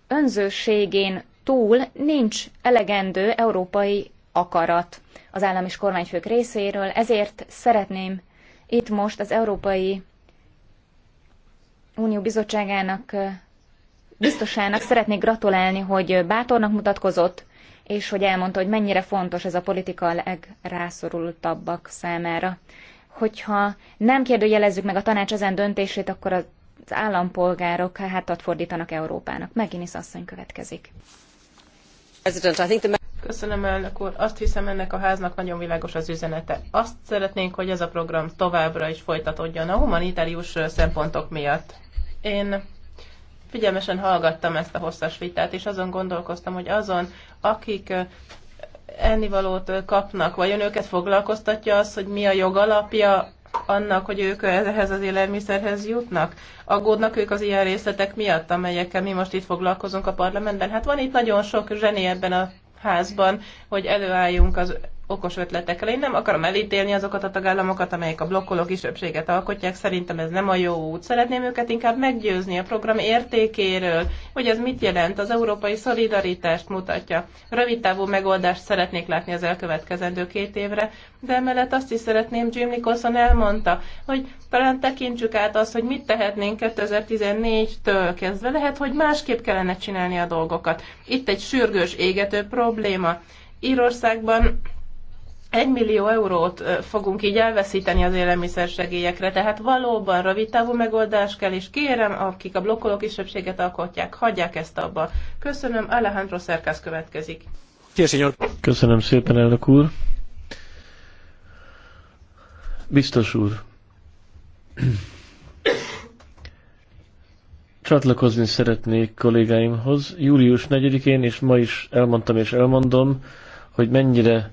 önzőségén túl nincs elegendő európai akarat az állam és kormányfők részéről, ezért szeretném itt most az Európai Unió Bizottságának biztosának szeretnék gratulálni, hogy bátornak mutatkozott, és hogy elmondta, hogy mennyire fontos ez a politika a legrászorultabbak számára. Hogyha nem kérdőjelezzük meg a tanács ezen döntését, akkor az állampolgárok hátat fordítanak Európának. Megint asszony következik. Köszönöm, elnök úr. Azt hiszem, ennek a háznak nagyon világos az üzenete. Azt szeretnénk, hogy ez a program továbbra is folytatódjon a humanitárius szempontok miatt. Én figyelmesen hallgattam ezt a hosszas vitát, és azon gondolkoztam, hogy azon, akik ennivalót kapnak, ön őket foglalkoztatja az, hogy mi a jogalapja annak, hogy ők ehhez az élelmiszerhez jutnak? Aggódnak ők az ilyen részletek miatt, amelyekkel mi most itt foglalkozunk a parlamentben? Hát van itt nagyon sok zseni ebben a házban, hogy előálljunk az okos ötletekkel. Én nem akarom elítélni azokat a tagállamokat, amelyek a blokkoló kisebbséget alkotják. Szerintem ez nem a jó út. Szeretném őket inkább meggyőzni a program értékéről, hogy ez mit jelent, az európai szolidaritást mutatja. távú megoldást szeretnék látni az elkövetkezendő két évre, de emellett azt is szeretném, Jim Nicholson elmondta, hogy talán tekintsük át azt, hogy mit tehetnénk 2014-től kezdve. Lehet, hogy másképp kellene csinálni a dolgokat. Itt egy sürgős égető probléma. Írországban 1 millió eurót fogunk így elveszíteni az élelmiszersegélyekre, tehát valóban rövid távú megoldás kell, és kérem, akik a blokkoló kisebbséget alkotják, hagyják ezt abba. Köszönöm, Alejandro Szerkász következik. Köszönöm szépen, elnök úr. Biztos úr. Csatlakozni szeretnék kollégáimhoz. Július 4-én, és ma is elmondtam és elmondom, hogy mennyire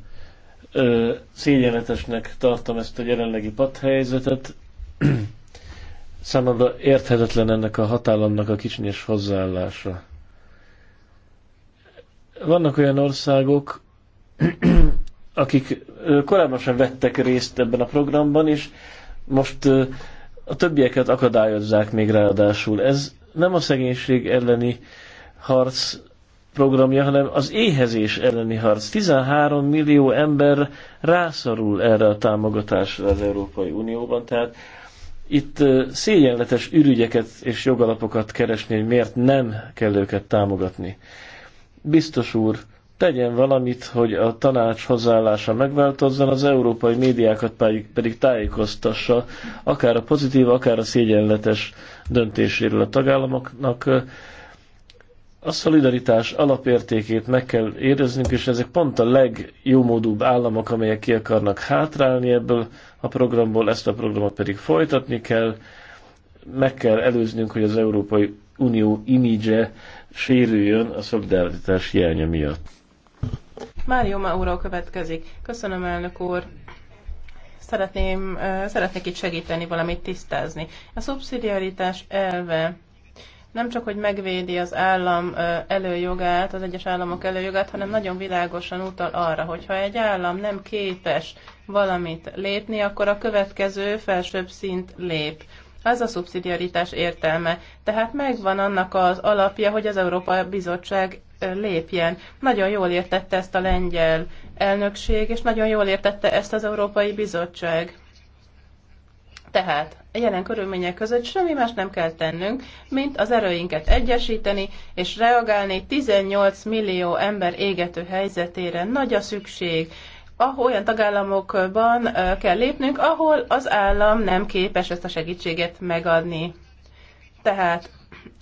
ö, szégyenletesnek tartom ezt a jelenlegi padhelyzetet. Számomra érthetetlen ennek a hatállamnak a kicsinyes hozzáállása. Vannak olyan országok, akik korábban sem vettek részt ebben a programban, és most a többieket akadályozzák még ráadásul. Ez nem a szegénység elleni harc, programja, hanem az éhezés elleni harc. 13 millió ember rászorul erre a támogatásra az Európai Unióban, tehát itt szégyenletes ürügyeket és jogalapokat keresni, hogy miért nem kell őket támogatni. Biztos úr, tegyen valamit, hogy a tanács hozzáállása megváltozzon, az európai médiákat pedig tájékoztassa, akár a pozitív, akár a szégyenletes döntéséről a tagállamoknak a szolidaritás alapértékét meg kell éreznünk, és ezek pont a legjómódúbb államok, amelyek ki akarnak hátrálni ebből a programból, ezt a programot pedig folytatni kell, meg kell előznünk, hogy az Európai Unió imidzse sérüljön a szolidaritás hiánya miatt. Mário Mauro következik. Köszönöm, elnök úr. Szeretném, eh, szeretnék itt segíteni, valamit tisztázni. A szubszidiaritás elve nem csak, hogy megvédi az állam előjogát, az egyes államok előjogát, hanem nagyon világosan utal arra, hogy ha egy állam nem képes valamit lépni, akkor a következő felsőbb szint lép. Ez a szubszidiaritás értelme. Tehát megvan annak az alapja, hogy az Európa Bizottság lépjen. Nagyon jól értette ezt a lengyel elnökség, és nagyon jól értette ezt az Európai Bizottság. Tehát a jelen körülmények között semmi más nem kell tennünk, mint az erőinket egyesíteni és reagálni 18 millió ember égető helyzetére. Nagy a szükség, ahol olyan tagállamokban kell lépnünk, ahol az állam nem képes ezt a segítséget megadni. Tehát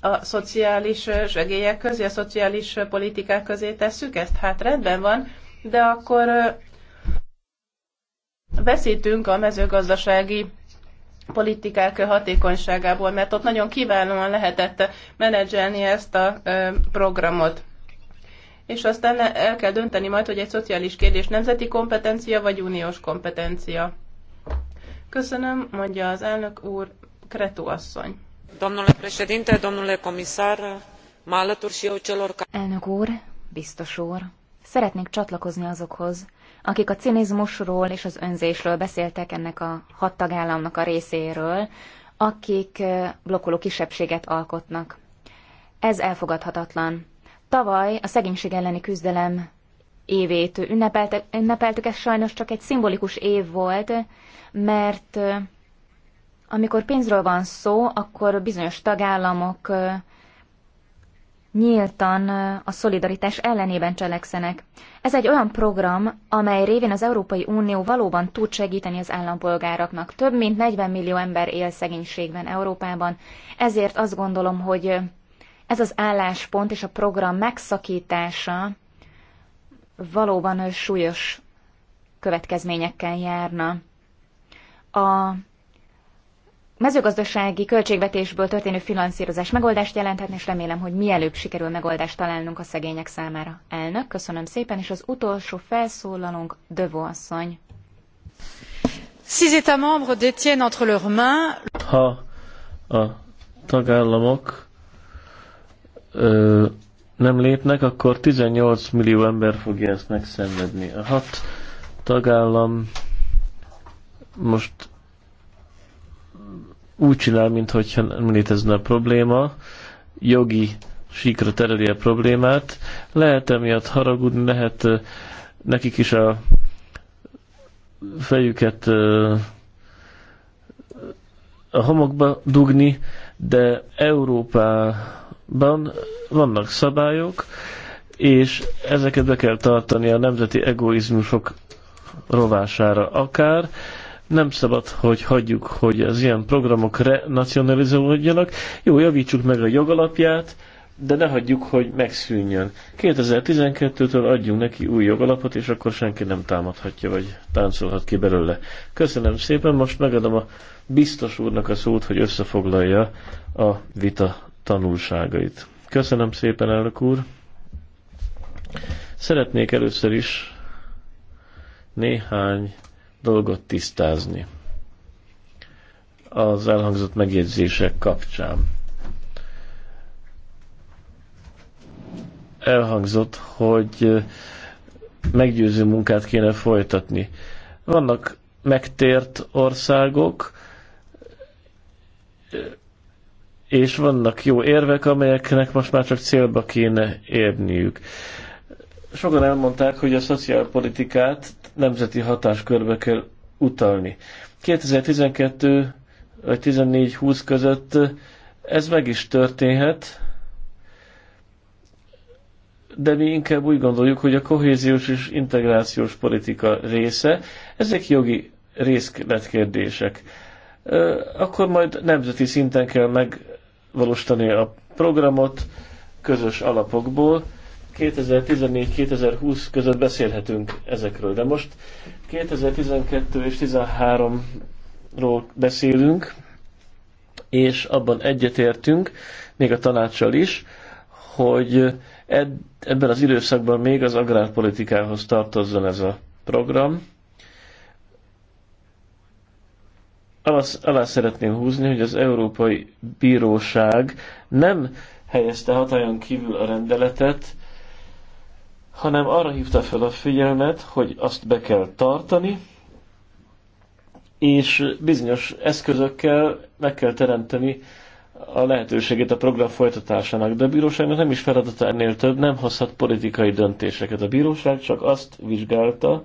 a szociális segélyek közé, a szociális politikák közé tesszük ezt? Hát rendben van, de akkor veszítünk a mezőgazdasági politikák hatékonyságából, mert ott nagyon kiválóan lehetett menedzselni ezt a programot. És aztán el kell dönteni majd, hogy egy szociális kérdés nemzeti kompetencia vagy uniós kompetencia. Köszönöm, mondja az elnök úr, Kretó asszony. Domnule președinte, domnule comisar, mă alătur și eu celor... Elnök úr, biztos úr, szeretnék csatlakozni azokhoz, akik a cinizmusról és az önzésről beszéltek ennek a hat tagállamnak a részéről, akik blokkoló kisebbséget alkotnak. Ez elfogadhatatlan. Tavaly a szegénység elleni küzdelem évét ünnepeltek, ünnepeltük, ez sajnos csak egy szimbolikus év volt, mert amikor pénzről van szó, akkor bizonyos tagállamok nyíltan a szolidaritás ellenében cselekszenek. Ez egy olyan program, amely révén az Európai Unió valóban tud segíteni az állampolgáraknak. Több mint 40 millió ember él szegénységben Európában, ezért azt gondolom, hogy ez az álláspont és a program megszakítása valóban súlyos következményekkel járna. A mezőgazdasági költségvetésből történő finanszírozás megoldást jelenthetne, és remélem, hogy mielőbb sikerül megoldást találnunk a szegények számára. Elnök, köszönöm szépen, és az utolsó felszólalónk Dövó asszony. Ha a tagállamok ö, nem lépnek, akkor 18 millió ember fogja ezt megszenvedni. A hat tagállam most úgy csinál, mintha nem létezne a probléma, jogi síkra tereli a problémát, lehet emiatt haragudni, lehet nekik is a fejüket a homokba dugni, de Európában vannak szabályok, és ezeket be kell tartani a nemzeti egoizmusok rovására akár, nem szabad, hogy hagyjuk, hogy az ilyen programok renacionalizálódjanak. Jó, javítsuk meg a jogalapját, de ne hagyjuk, hogy megszűnjön. 2012-től adjunk neki új jogalapot, és akkor senki nem támadhatja, vagy táncolhat ki belőle. Köszönöm szépen, most megadom a biztos úrnak a szót, hogy összefoglalja a vita tanulságait. Köszönöm szépen, elnök úr! Szeretnék először is néhány dolgot tisztázni az elhangzott megjegyzések kapcsán. Elhangzott, hogy meggyőző munkát kéne folytatni. Vannak megtért országok, és vannak jó érvek, amelyeknek most már csak célba kéne érniük sokan elmondták, hogy a szociálpolitikát nemzeti hatáskörbe kell utalni. 2012 vagy 14-20 között ez meg is történhet, de mi inkább úgy gondoljuk, hogy a kohéziós és integrációs politika része, ezek jogi részletkérdések. Akkor majd nemzeti szinten kell megvalósítani a programot közös alapokból, 2014-2020 között beszélhetünk ezekről, de most 2012 és 2013-ról beszélünk, és abban egyetértünk, még a tanácssal is, hogy ebben az időszakban még az agrárpolitikához tartozzon ez a program. Alá szeretném húzni, hogy az Európai Bíróság nem helyezte hatályon kívül a rendeletet, hanem arra hívta fel a figyelmet, hogy azt be kell tartani, és bizonyos eszközökkel meg kell teremteni a lehetőségét a program folytatásának, de a bíróságnak nem is feladata ennél több, nem hozhat politikai döntéseket. A bíróság csak azt vizsgálta,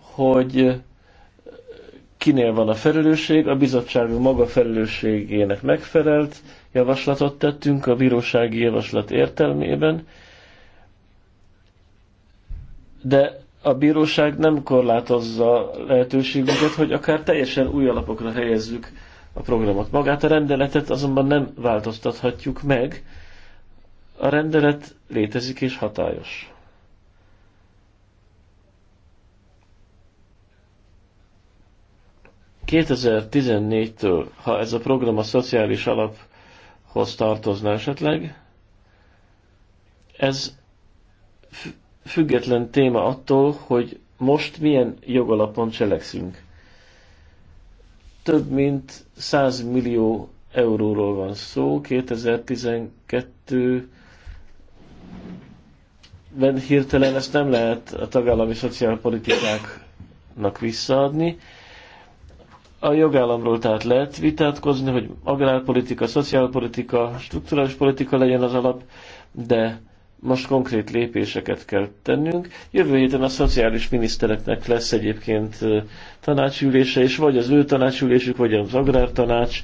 hogy kinél van a felelősség, a bizottság maga felelősségének megfelelt, javaslatot tettünk a bírósági javaslat értelmében, de a bíróság nem korlátozza lehetőségünket, hogy akár teljesen új alapokra helyezzük a programot. Magát a rendeletet azonban nem változtathatjuk meg. A rendelet létezik és hatályos. ...2014-től, ha ez a program a szociális alaphoz tartozna esetleg, ez független téma attól, hogy most milyen jogalapon cselekszünk. Több mint 100 millió euróról van szó, 2012 ben hirtelen ezt nem lehet a tagállami szociálpolitikáknak visszaadni. A jogállamról tehát lehet vitatkozni, hogy agrárpolitika, szociálpolitika, strukturális politika legyen az alap, de most konkrét lépéseket kell tennünk. Jövő héten a szociális minisztereknek lesz egyébként tanácsülése, és vagy az ő tanácsülésük, vagy az agrártanács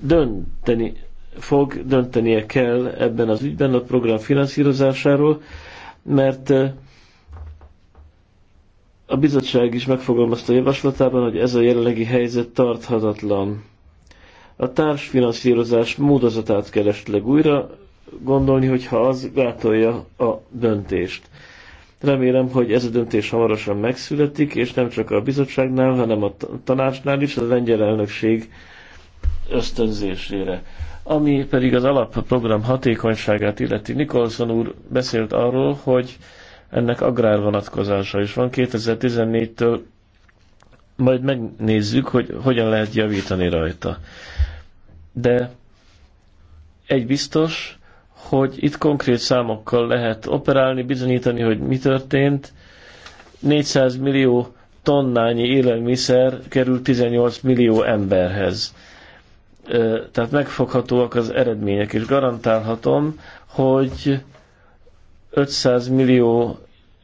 dönteni fog, döntenie kell ebben az ügyben a program finanszírozásáról, mert a bizottság is megfogalmazta javaslatában, hogy ez a jelenlegi helyzet tarthatatlan. A társfinanszírozás módozatát keresleg újra, gondolni, hogyha az gátolja a döntést. Remélem, hogy ez a döntés hamarosan megszületik, és nem csak a bizottságnál, hanem a tanácsnál is, a lengyel elnökség ösztönzésére. Ami pedig az alapprogram hatékonyságát illeti, Nikolson úr beszélt arról, hogy ennek agrár vonatkozása is van. 2014-től majd megnézzük, hogy hogyan lehet javítani rajta. De egy biztos, hogy itt konkrét számokkal lehet operálni, bizonyítani, hogy mi történt. 400 millió tonnányi élelmiszer kerül 18 millió emberhez. Tehát megfoghatóak az eredmények, és garantálhatom, hogy 500 millió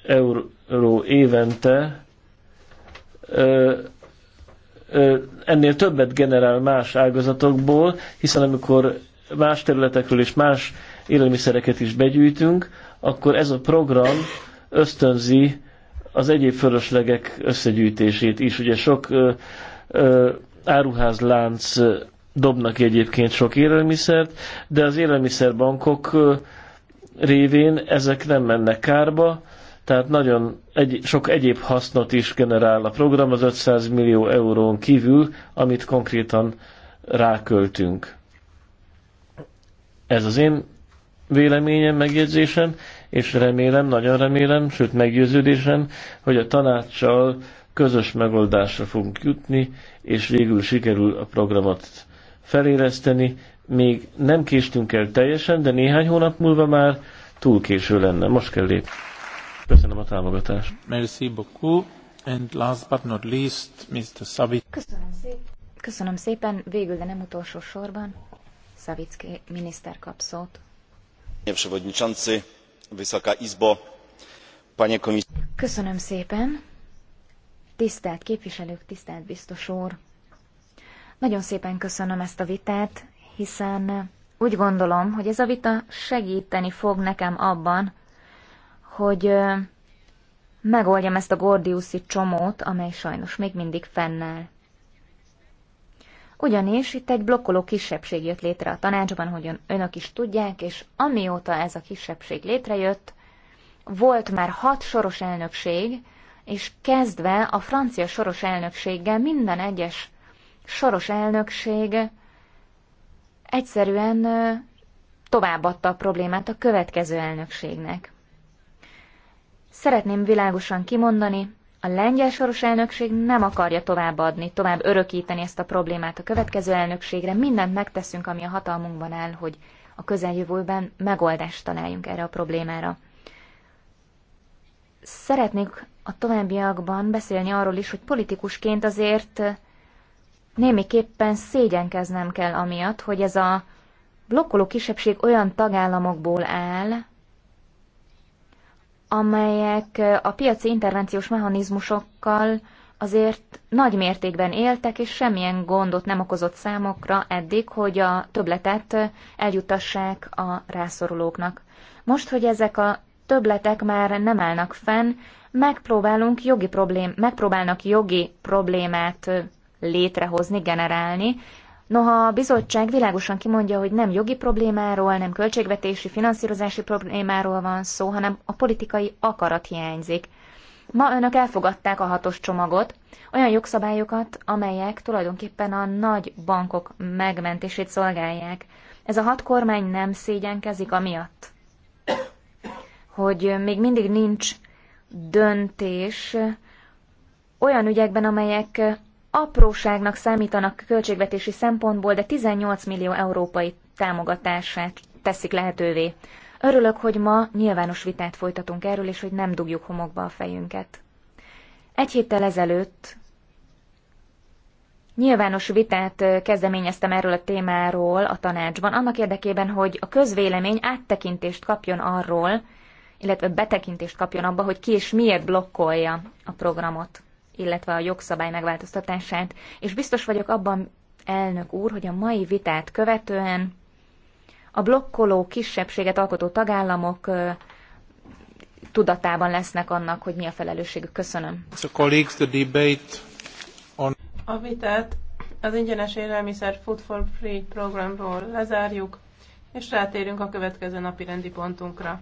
euró évente ennél többet generál más ágazatokból, hiszen amikor más területekről és más élelmiszereket is begyűjtünk, akkor ez a program ösztönzi az egyéb fölöslegek összegyűjtését is. Ugye sok ö, ö, áruházlánc dobnak egyébként sok élelmiszert, de az élelmiszerbankok ö, révén ezek nem mennek kárba, tehát nagyon egy, sok egyéb hasznot is generál a program az 500 millió eurón kívül, amit konkrétan ráköltünk. Ez az én véleményem, megjegyzésem, és remélem, nagyon remélem, sőt meggyőződésem, hogy a tanácssal közös megoldásra fogunk jutni, és végül sikerül a programot feléleszteni. Még nem késtünk el teljesen, de néhány hónap múlva már túl késő lenne. Most kell lépni. Köszönöm a támogatást. Merci beaucoup. And last but not least, Mr. Savic. Köszönöm szépen. Köszönöm szépen. Végül, de nem utolsó sorban, Savicki miniszter kap szót panie przewodniczący! wysoka izbo! panie komisarzu! tisztelt képviselők tisztelt biztos úr! nagyon szépen köszönöm ezt a vitát hiszen úgy gondolom hogy ez a vita segteni fog nekem abban hogy megoldjam ezt a gordiusi csomót amely sajnos még mindig fennáll. Ugyanis itt egy blokkoló kisebbség jött létre a tanácsban, hogy önök is tudják, és amióta ez a kisebbség létrejött, volt már hat soros elnökség, és kezdve a francia soros elnökséggel minden egyes soros elnökség egyszerűen továbbadta a problémát a következő elnökségnek. Szeretném világosan kimondani, a lengyel soros elnökség nem akarja továbbadni, tovább örökíteni ezt a problémát a következő elnökségre. Mindent megteszünk, ami a hatalmunkban áll, hogy a közeljövőben megoldást találjunk erre a problémára. Szeretnék a továbbiakban beszélni arról is, hogy politikusként azért némiképpen szégyenkeznem kell amiatt, hogy ez a blokkoló kisebbség olyan tagállamokból áll, amelyek a piaci intervenciós mechanizmusokkal azért nagy mértékben éltek, és semmilyen gondot nem okozott számokra eddig, hogy a töbletet eljutassák a rászorulóknak. Most, hogy ezek a töbletek már nem állnak fenn, megpróbálunk jogi problém, megpróbálnak jogi problémát létrehozni, generálni, Noha a bizottság világosan kimondja, hogy nem jogi problémáról, nem költségvetési, finanszírozási problémáról van szó, hanem a politikai akarat hiányzik. Ma önök elfogadták a hatos csomagot, olyan jogszabályokat, amelyek tulajdonképpen a nagy bankok megmentését szolgálják. Ez a hat kormány nem szégyenkezik amiatt, hogy még mindig nincs döntés olyan ügyekben, amelyek apróságnak számítanak költségvetési szempontból, de 18 millió európai támogatását teszik lehetővé. Örülök, hogy ma nyilvános vitát folytatunk erről, és hogy nem dugjuk homokba a fejünket. Egy héttel ezelőtt nyilvános vitát kezdeményeztem erről a témáról a tanácsban, annak érdekében, hogy a közvélemény áttekintést kapjon arról, illetve betekintést kapjon abba, hogy ki és miért blokkolja a programot illetve a jogszabály megváltoztatását, és biztos vagyok abban, elnök úr, hogy a mai vitát követően a blokkoló kisebbséget alkotó tagállamok tudatában lesznek annak, hogy mi a felelősségük. Köszönöm. A vitát az ingyenes élelmiszer Food for Free programról lezárjuk, és rátérünk a következő napi rendi pontunkra.